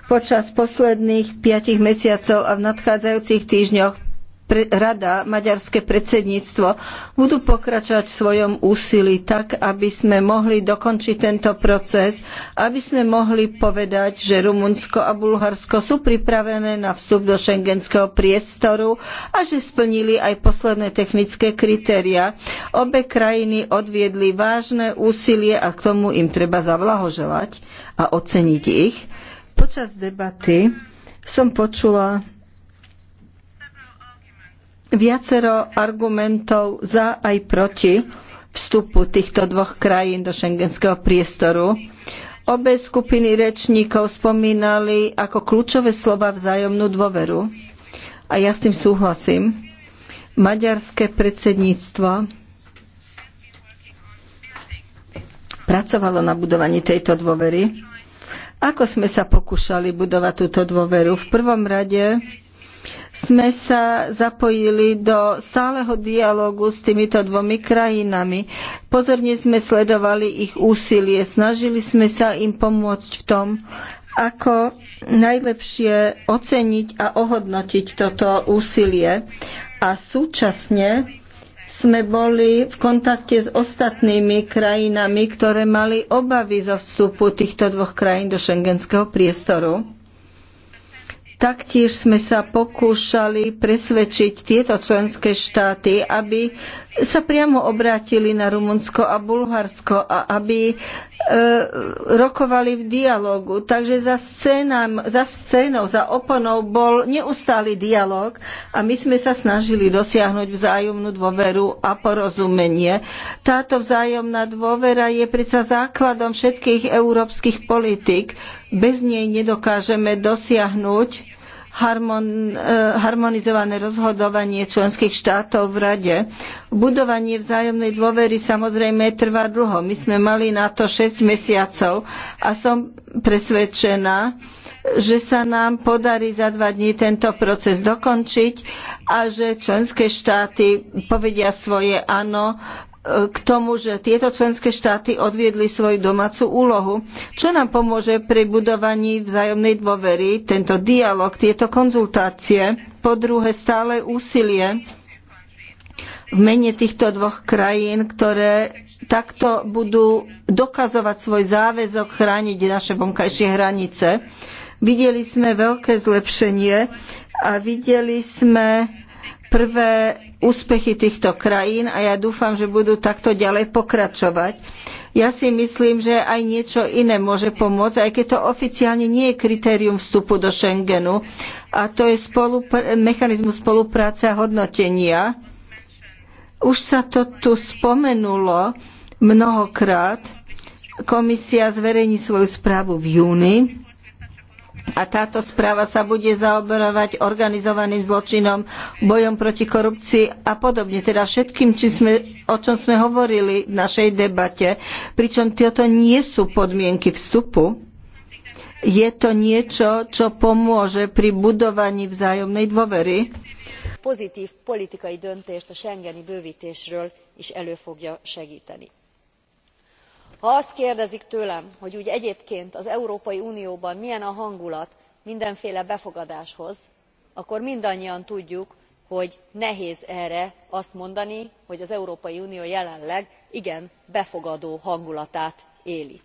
Počas posledných piatich mesiacov a v nadchádzajúcich týždňoch pre, rada, maďarské predsedníctvo budú pokračovať v svojom úsilí tak, aby sme mohli dokončiť tento proces, aby sme mohli povedať, že Rumunsko a Bulharsko sú pripravené na vstup do schengenského priestoru a že splnili aj posledné technické kritéria. Obe krajiny odviedli vážne úsilie a k tomu im treba zavlahoželať a oceniť ich. Počas debaty som počula viacero argumentov za aj proti vstupu týchto dvoch krajín do šengenského priestoru. Obe skupiny rečníkov spomínali ako kľúčové slova vzájomnú dôveru. A ja s tým súhlasím. Maďarské predsedníctvo pracovalo na budovaní tejto dôvery. Ako sme sa pokúšali budovať túto dôveru? V prvom rade sme sa zapojili do stáleho dialógu s týmito dvomi krajinami. Pozorne sme sledovali ich úsilie, snažili sme sa im pomôcť v tom, ako najlepšie oceniť a ohodnotiť toto úsilie. A súčasne sme boli v kontakte s ostatnými krajinami, ktoré mali obavy zo vstupu týchto dvoch krajín do šengenského priestoru. Taktiež sme sa pokúšali presvedčiť tieto členské štáty, aby sa priamo obrátili na Rumunsko a Bulharsko a aby e, rokovali v dialogu. Takže za, scénam, za scénou, za oponou bol neustály dialog a my sme sa snažili dosiahnuť vzájomnú dôveru a porozumenie. Táto vzájomná dôvera je predsa základom všetkých európskych politik bez nej nedokážeme dosiahnuť eh, harmonizované rozhodovanie členských štátov v Rade. Budovanie vzájomnej dôvery samozrejme trvá dlho. My sme mali na to 6 mesiacov a som presvedčená, že sa nám podarí za dva dní tento proces dokončiť a že členské štáty povedia svoje áno k tomu, že tieto členské štáty odviedli svoju domácu úlohu, čo nám pomôže pri budovaní vzájomnej dôvery, tento dialog, tieto konzultácie, po druhé stále úsilie v mene týchto dvoch krajín, ktoré takto budú dokazovať svoj záväzok chrániť naše vonkajšie hranice. Videli sme veľké zlepšenie a videli sme prvé úspechy týchto krajín a ja dúfam, že budú takto ďalej pokračovať. Ja si myslím, že aj niečo iné môže pomôcť, aj keď to oficiálne nie je kritérium vstupu do Schengenu. A to je spolupr- mechanizmus spolupráce a hodnotenia. Už sa to tu spomenulo mnohokrát. Komisia zverejní svoju správu v júni a táto správa sa bude zaoberovať organizovaným zločinom, bojom proti korupcii a podobne. Teda všetkým, či sme, o čom sme hovorili v našej debate, pričom tieto nie sú podmienky vstupu. Je to niečo, čo pomôže pri budovaní vzájomnej dôvery. Pozitív politikai döntést a Schengeni bővítésről is elő fogja segíteni ha azt kérdezik tőlem hogy úgy egyébként az európai unióban milyen a hangulat mindenféle befogadáshoz akkor mindannyian tudjuk hogy nehéz erre azt mondani hogy az európai unió jelenleg igen befogadó hangulatát éli.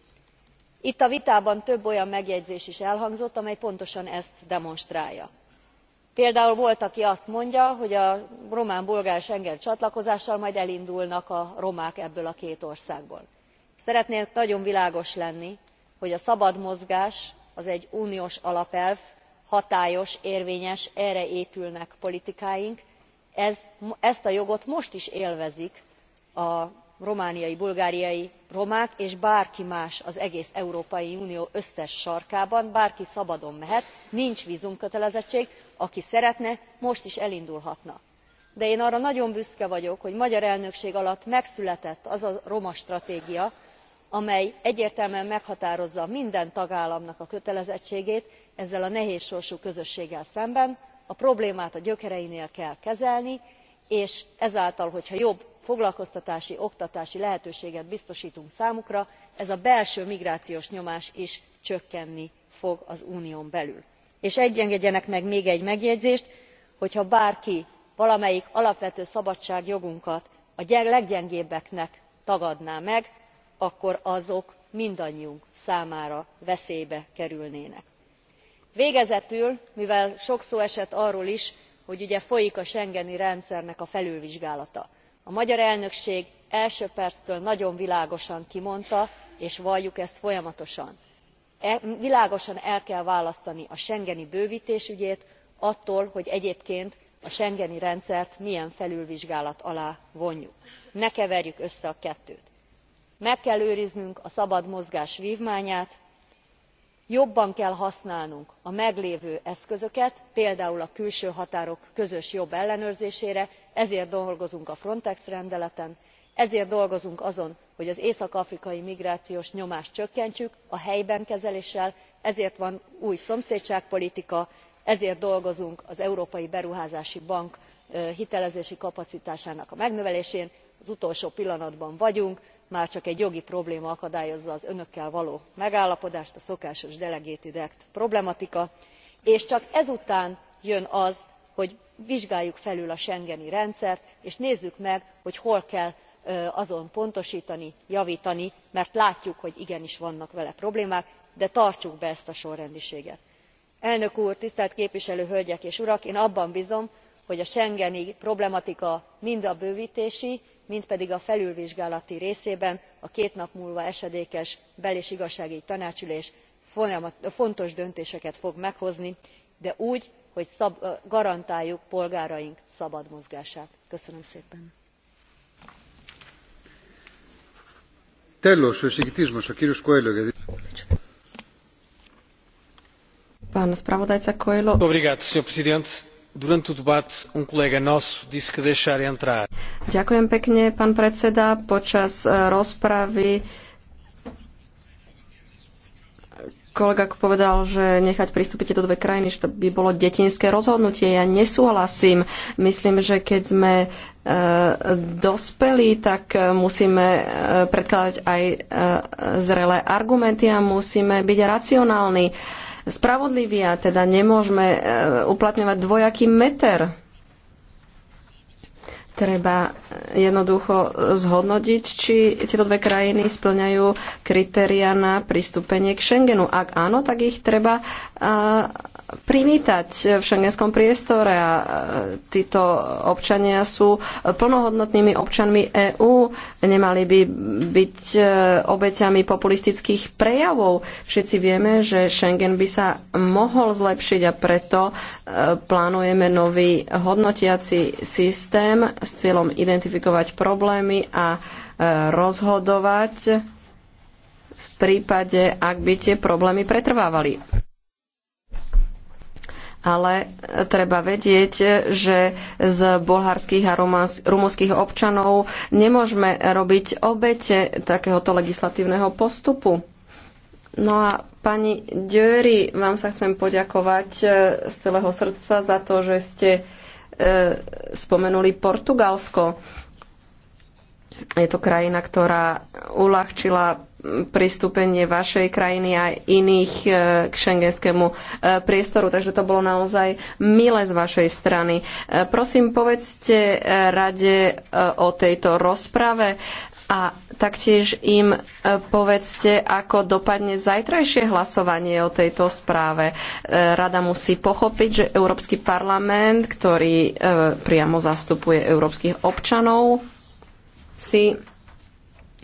itt a vitában több olyan megjegyzés is elhangzott amely pontosan ezt demonstrálja. például volt aki azt mondja hogy a román bolgár schengen csatlakozással majd elindulnak a romák ebből a két országból szeretnék nagyon világos lenni hogy a szabad mozgás az egy uniós alapelv hatályos érvényes erre épülnek politikáink ezt a jogot most is élvezik a romániai bulgáriai romák és bárki más az egész európai unió összes sarkában bárki szabadon mehet nincs vzumkötelezettség aki szeretne most is elindulhatna. de én arra nagyon büszke vagyok hogy magyar elnökség alatt megszületett az a romastratégia amely egyértelműen meghatározza minden tagállamnak a kötelezettségét ezzel a nehéz sorsú közösséggel szemben a problémát a gyökereinél kell kezelni és ezáltal hogyha jobb foglalkoztatási oktatási lehetőséget biztostunk számukra ez a belső migrációs nyomás is csökkenni fog az unión belül. és engedjenek meg még egy megjegyzést hogyha bárki valamelyik alapvető szabadságjogunkat a leggyengébbeknek tagadná meg akkor azok mindannyiunk számára veszélybe kerülnének. végezetül mivel sok szó esett arról is hogy ugye folyik a schengeni rendszernek a felülvizsgálata a magyar elnökség első perctől nagyon világosan kimondta és valljuk ezt folyamatosan e, világosan el kell választani a schengeni bővtés ügyét attól hogy egyébként a schengeni rendszert milyen felülvizsgálat alá vonjuk. ne keverjük össze a kettőt meg kell őriznünk a szabad mozgás vvmányát jobban kell használnunk a meglévő eszközöket például a külső határok közös jobb ellenőrzésére ezért dolgozunk a frontex rendeleten ezért dolgozunk azon hogy az észak afrikai migrációs nyomást csökkentsük a helyben kezeléssel ezért van új szomszédságpolitika ezért dolgozunk az európai beruházási bank hitelezési kapacitásának a megnövelésén az utolsó pillanatban vagyunk. Már csak egy jogi probléma akadályozza az önökkel való megállapodást a szokásos delegated act problematika és csak ezután jön az hogy vizsgáljuk felül a schengeni rendszert és nézzük meg hogy hol kell azon pontostani javtani mert látjuk hogy igenis vannak vele problémák de tartsuk be ezt a sorrendiséget. elnök úr tisztelt képviselő hölgyek és urak én abban bzom hogy a schengeni problematika mind a bővtési mind pedig a felülvizsgálati részében a két nap múlva esedékes bel és igazságügyi tanácsülés fontos döntéseket fog meghozni de úgy hogy garantáljuk polgáraink szabad mozgását. köszönöm szépen! Durante o debate um colega nosso disse que deixar entrar. Ďakujem pekne, pán predseda. Počas eh, rozpravy kolega povedal, že nechať pristúpiť tieto dve krajiny, že to by bolo detinské rozhodnutie. Ja nesúhlasím. Myslím, že keď sme dospelí, eh, dospeli, tak eh, musíme predkladať aj zrelé argumenty a musíme byť racionálni spravodliví a teda nemôžeme e, uplatňovať dvojaký meter. Treba e, jednoducho zhodnotiť, či tieto dve krajiny splňajú kritéria na pristúpenie k Schengenu. Ak áno, tak ich treba e, privítať v šengenskom priestore a e, títo občania sú plnohodnotnými občanmi EÚ. Nemali by byť e, obeťami populistických prejavov. Všetci vieme, že Schengen by sa mohol zlepšiť a preto e, plánujeme nový hodnotiaci systém s cieľom identifikovať problémy a rozhodovať v prípade, ak by tie problémy pretrvávali ale e, treba vedieť, že z bulharských a rumunských občanov nemôžeme robiť obete takéhoto legislatívneho postupu. No a pani Dury, vám sa chcem poďakovať e, z celého srdca za to, že ste e, spomenuli Portugalsko. Je to krajina, ktorá uľahčila pristúpenie vašej krajiny a iných e, k šengenskému e, priestoru. Takže to bolo naozaj milé z vašej strany. E, prosím, povedzte rade o tejto rozprave a taktiež im povedzte, ako dopadne zajtrajšie hlasovanie o tejto správe. Rada musí pochopiť, že Európsky parlament, ktorý priamo zastupuje európskych občanov, si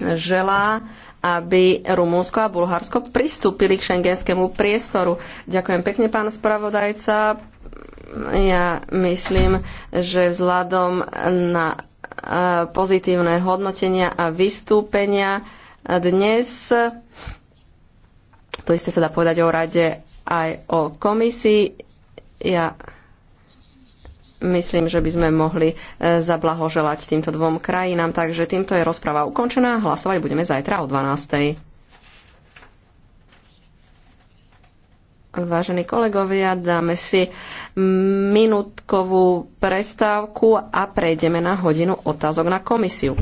želá, aby Rumunsko a Bulharsko pristúpili k šengenskému priestoru. Ďakujem pekne, pán spravodajca. Ja myslím, že vzhľadom na e, pozitívne hodnotenia a vystúpenia e, dnes, to isté sa dá povedať o rade aj o komisii, ja myslím, že by sme mohli e, zablahoželať týmto dvom krajinám. Takže týmto je rozprava ukončená. Hlasovať budeme zajtra o 12. Vážení kolegovia, dáme si minútkovú prestávku a prejdeme na hodinu otázok na komisiu.